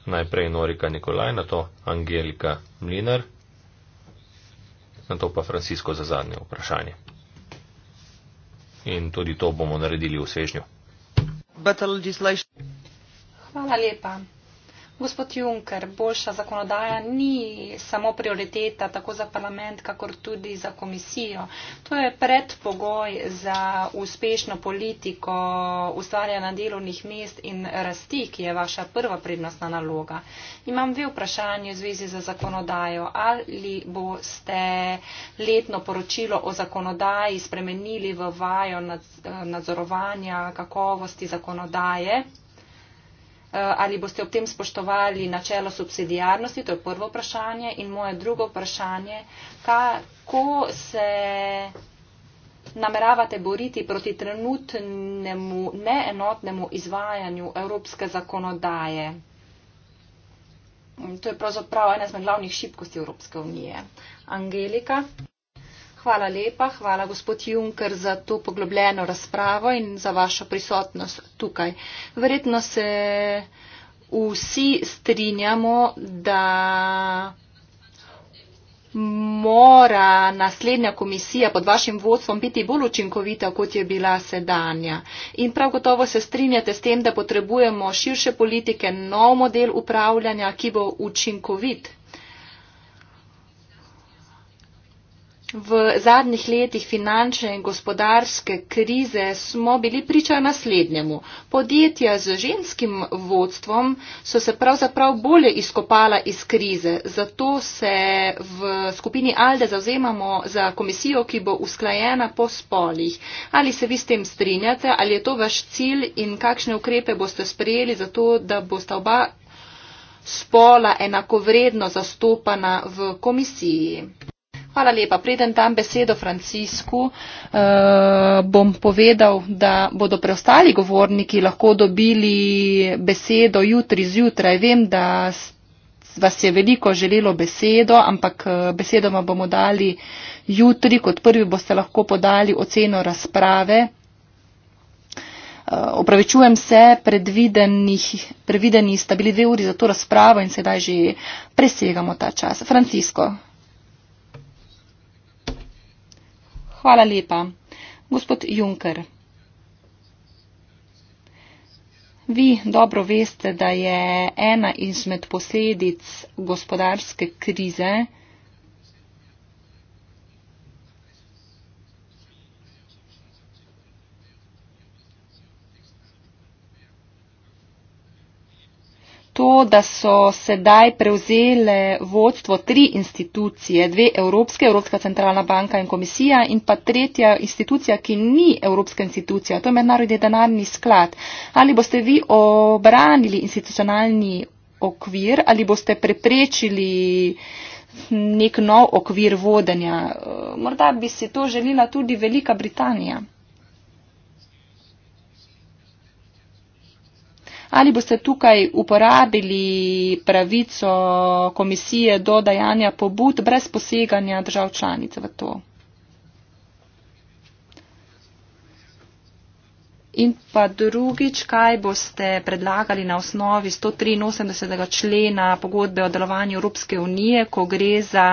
S1: Najprej Norika Nikolaj, na to Angelika Mlinar, na to pa Francisko za zadnje vprašanje. In tudi to bomo naredili v svežnju.
S3: Hvala lepa. Gospod Juncker, boljša zakonodaja ni samo prioriteta tako za parlament, kakor tudi za komisijo. To je predpogoj za uspešno politiko ustvarjanja delovnih mest in rasti, ki je vaša prva prednostna naloga. Imam dve vprašanje v zvezi z zakonodajo. Ali boste letno poročilo o zakonodaji spremenili v vajo eh, nadzorovanja kakovosti zakonodaje? Eh, ali boste ob tem spoštovali načelo subsidijarnosti, to je prvo vprašanje. In moje drugo vprašanje, kako se nameravate boriti proti trenutnemu neenotnemu izvajanju evropske zakonodaje? To je pravzaprav ena izmed glavnih šibkosti Evropske unije. Angelika. Hvala lepa, hvala gospod Juncker za to poglobljeno razpravo in za vašo prisotnost tukaj. Verjetno se vsi strinjamo, da mora naslednja komisija pod vašim vodstvom biti bolj učinkovita, kot je bila sedanja. In prav gotovo se strinjate s tem, da potrebujemo širše politike, nov model upravljanja, ki bo učinkovit. V zadnjih letih finančne in gospodarske krize smo bili priča naslednjemu. Podjetja z ženskim vodstvom so se pravzaprav bolje izkopala iz krize. Zato se v skupini Alde zauzemamo za komisijo, ki bo usklajena po spolih. Ali se vi s tem strinjate, ali je to vaš cilj in kakšne ukrepe boste sprejeli za to, da bosta oba spola enakovredno zastopana v komisiji? Hvala lepa. Preden dam besedo Francisku, eh, bom povedal, da bodo preostali govorniki lahko dobili besedo jutri zjutraj. Vem, da vas je veliko želelo besedo, ampak eh, besedo vam bomo dali jutri. Kot prvi boste lahko podali oceno razprave. Eh, opravičujem se, predvideni sta bili dve uri za to razpravo in sedaj že presegamo ta čas. Francisko. Hvala lepa. Gospod Juncker, vi dobro veste, da je ena izmed posledic gospodarske krize, to, da so sedaj prevzele vodstvo tri institucije, dve evropske, Evropska centralna banka in komisija in pa tretja institucija, ki ni evropska institucija, to je mednarodni denarni sklad. Ali boste vi obranili institucionalni okvir ali boste preprečili nek nov okvir vodenja? Morda bi si to želila tudi Velika Britanija. ali boste tukaj uporabili pravico komisije do dajanja pobud brez poseganja držav članic v to. In pa drugič, kaj boste predlagali na osnovi 183. člena pogodbe o delovanju Evropske unije, ko gre za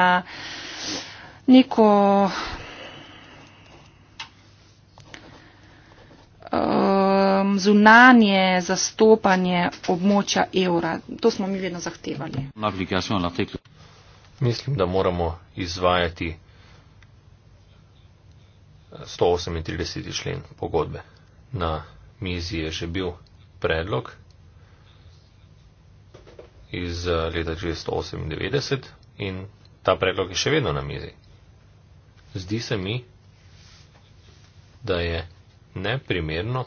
S3: neko um, zunanje zastopanje območja evra. To smo mi vedno zahtevali.
S1: Mislim, da moramo izvajati 138. člen pogodbe. Na mizi je že bil predlog iz eh, leta 1998 in ta predlog je še vedno na mizi. Zdi se mi, da je neprimerno,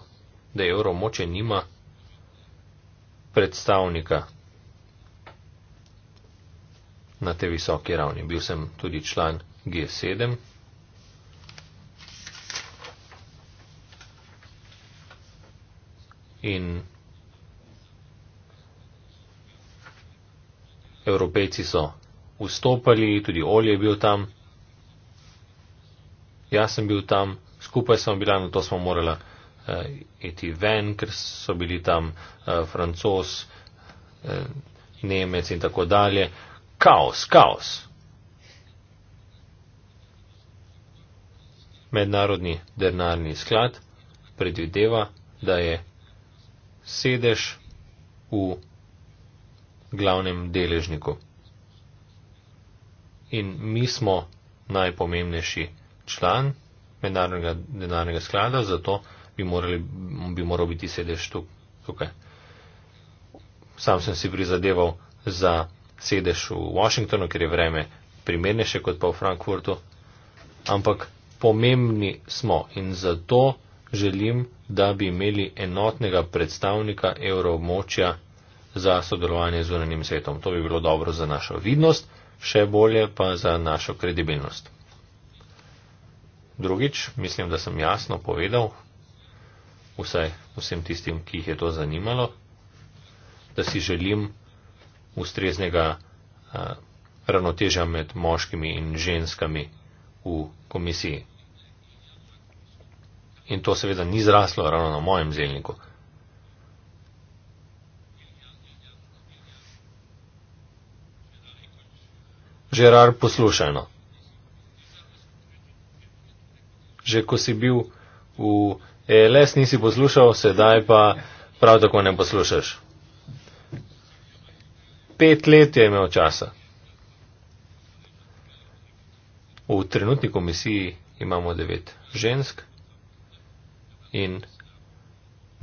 S1: da evro moče nima predstavnika na te visoki ravni. Bil sem tudi član G7. In evropejci so vstopali, tudi olje je bil tam, jaz sem bil tam skupaj smo bila, na to smo morala uh, iti ven, ker so bili tam uh, eh, francos, uh, eh, nemec in tako dalje. Kaos, kaos. Mednarodni denarni sklad predvideva, da je sedež v glavnem deležniku. In mi smo najpomembnejši član mednarodnega denarnega sklada, zato bi, morali, bi moral biti sedež tu, tukaj. Sam sem si prizadeval za sedež v Washingtonu, ker je vreme primernejše kot pa v Frankfurtu, ampak pomembni smo in zato želim, da bi imeli enotnega predstavnika evroobmočja za sodelovanje z unanim svetom. To bi bilo dobro za našo vidnost, še bolje pa za našo kredibilnost. Drugič, mislim, da sem jasno povedal vsaj vsem tistim, ki jih je to zanimalo, da si želim ustreznega eh, ravnotežja med moškimi in ženskami v komisiji. In to seveda ni zraslo ravno na mojem zelniku. Gerard, poslušajno. že ko si bil v ELS, nisi poslušal, sedaj pa prav tako ne poslušaš. Pet let je imel časa. V trenutni komisiji imamo devet žensk in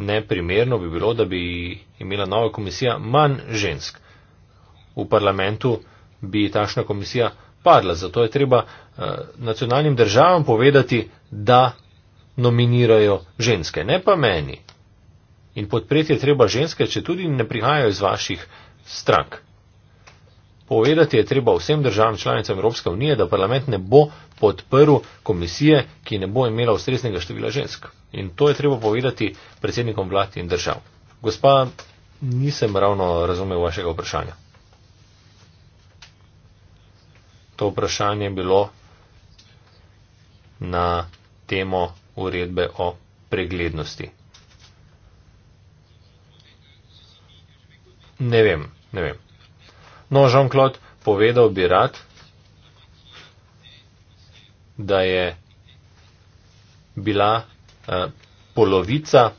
S1: neprimerno bi bilo, da bi imela nova komisija manj žensk. V parlamentu bi takšna komisija padla. Zato je treba eh, nacionalnim državam povedati, da nominirajo ženske, ne pa meni. In podpreti je treba ženske, če tudi ne prihajajo iz vaših strank. Povedati je treba vsem državam članicam Evropske unije, da parlament ne bo podprl komisije, ki ne bo imela ustreznega števila žensk. In to je treba povedati predsednikom vlad in držav. Gospa, nisem ravno razumel vašega vprašanja. to vprašanje bilo na temo uredbe o preglednosti. Ne vem, ne vem. No, Jean-Claude, povedal bi rad, da je bila eh, polovica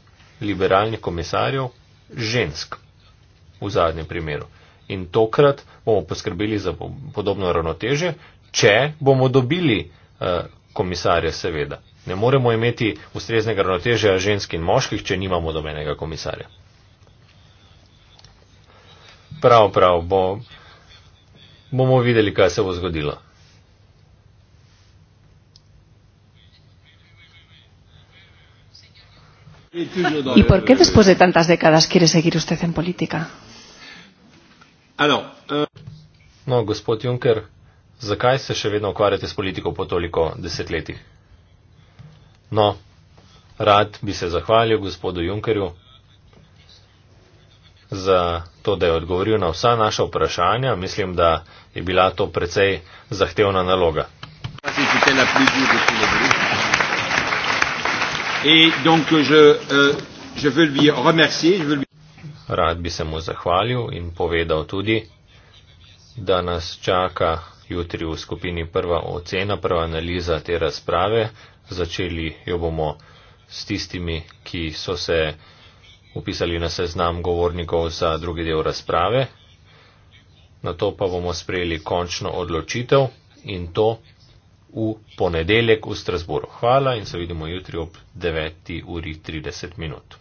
S1: liberalnih komisarjev žensk v zadnjem primeru in tokrat bomo poskrbeli za podobno ravnoteže, če bomo dobili eh, komisarja, seveda. Ne moremo imeti ustreznega ravnoteže žensk in moških, če nimamo domenega komisarja. Prav, prav, bo, bomo videli, kaj se bo zgodilo.
S3: ¿Y por qué después de tantas décadas quiere seguir usted en política?
S1: Alors, euh... No, gospod Juncker, zakaj se še vedno ukvarjate s politiko po toliko desetletjih? No, rad bi se zahvalil gospodu Junckerju za to, da je odgovoril na vsa naša vprašanja. Mislim, da je bila to precej zahtevna naloga. Et
S2: donc je, euh, je veux lui remercier. Je veux lui
S1: rad bi se mu zahvalil in povedal tudi, da nas čaka jutri v skupini prva ocena, prva analiza te razprave. Začeli jo bomo s tistimi, ki so se upisali na seznam govornikov za drugi del razprave. Na to pa bomo sprejeli končno odločitev in to v ponedeljek v Strasburu. Hvala in se vidimo jutri ob 9.30 minut.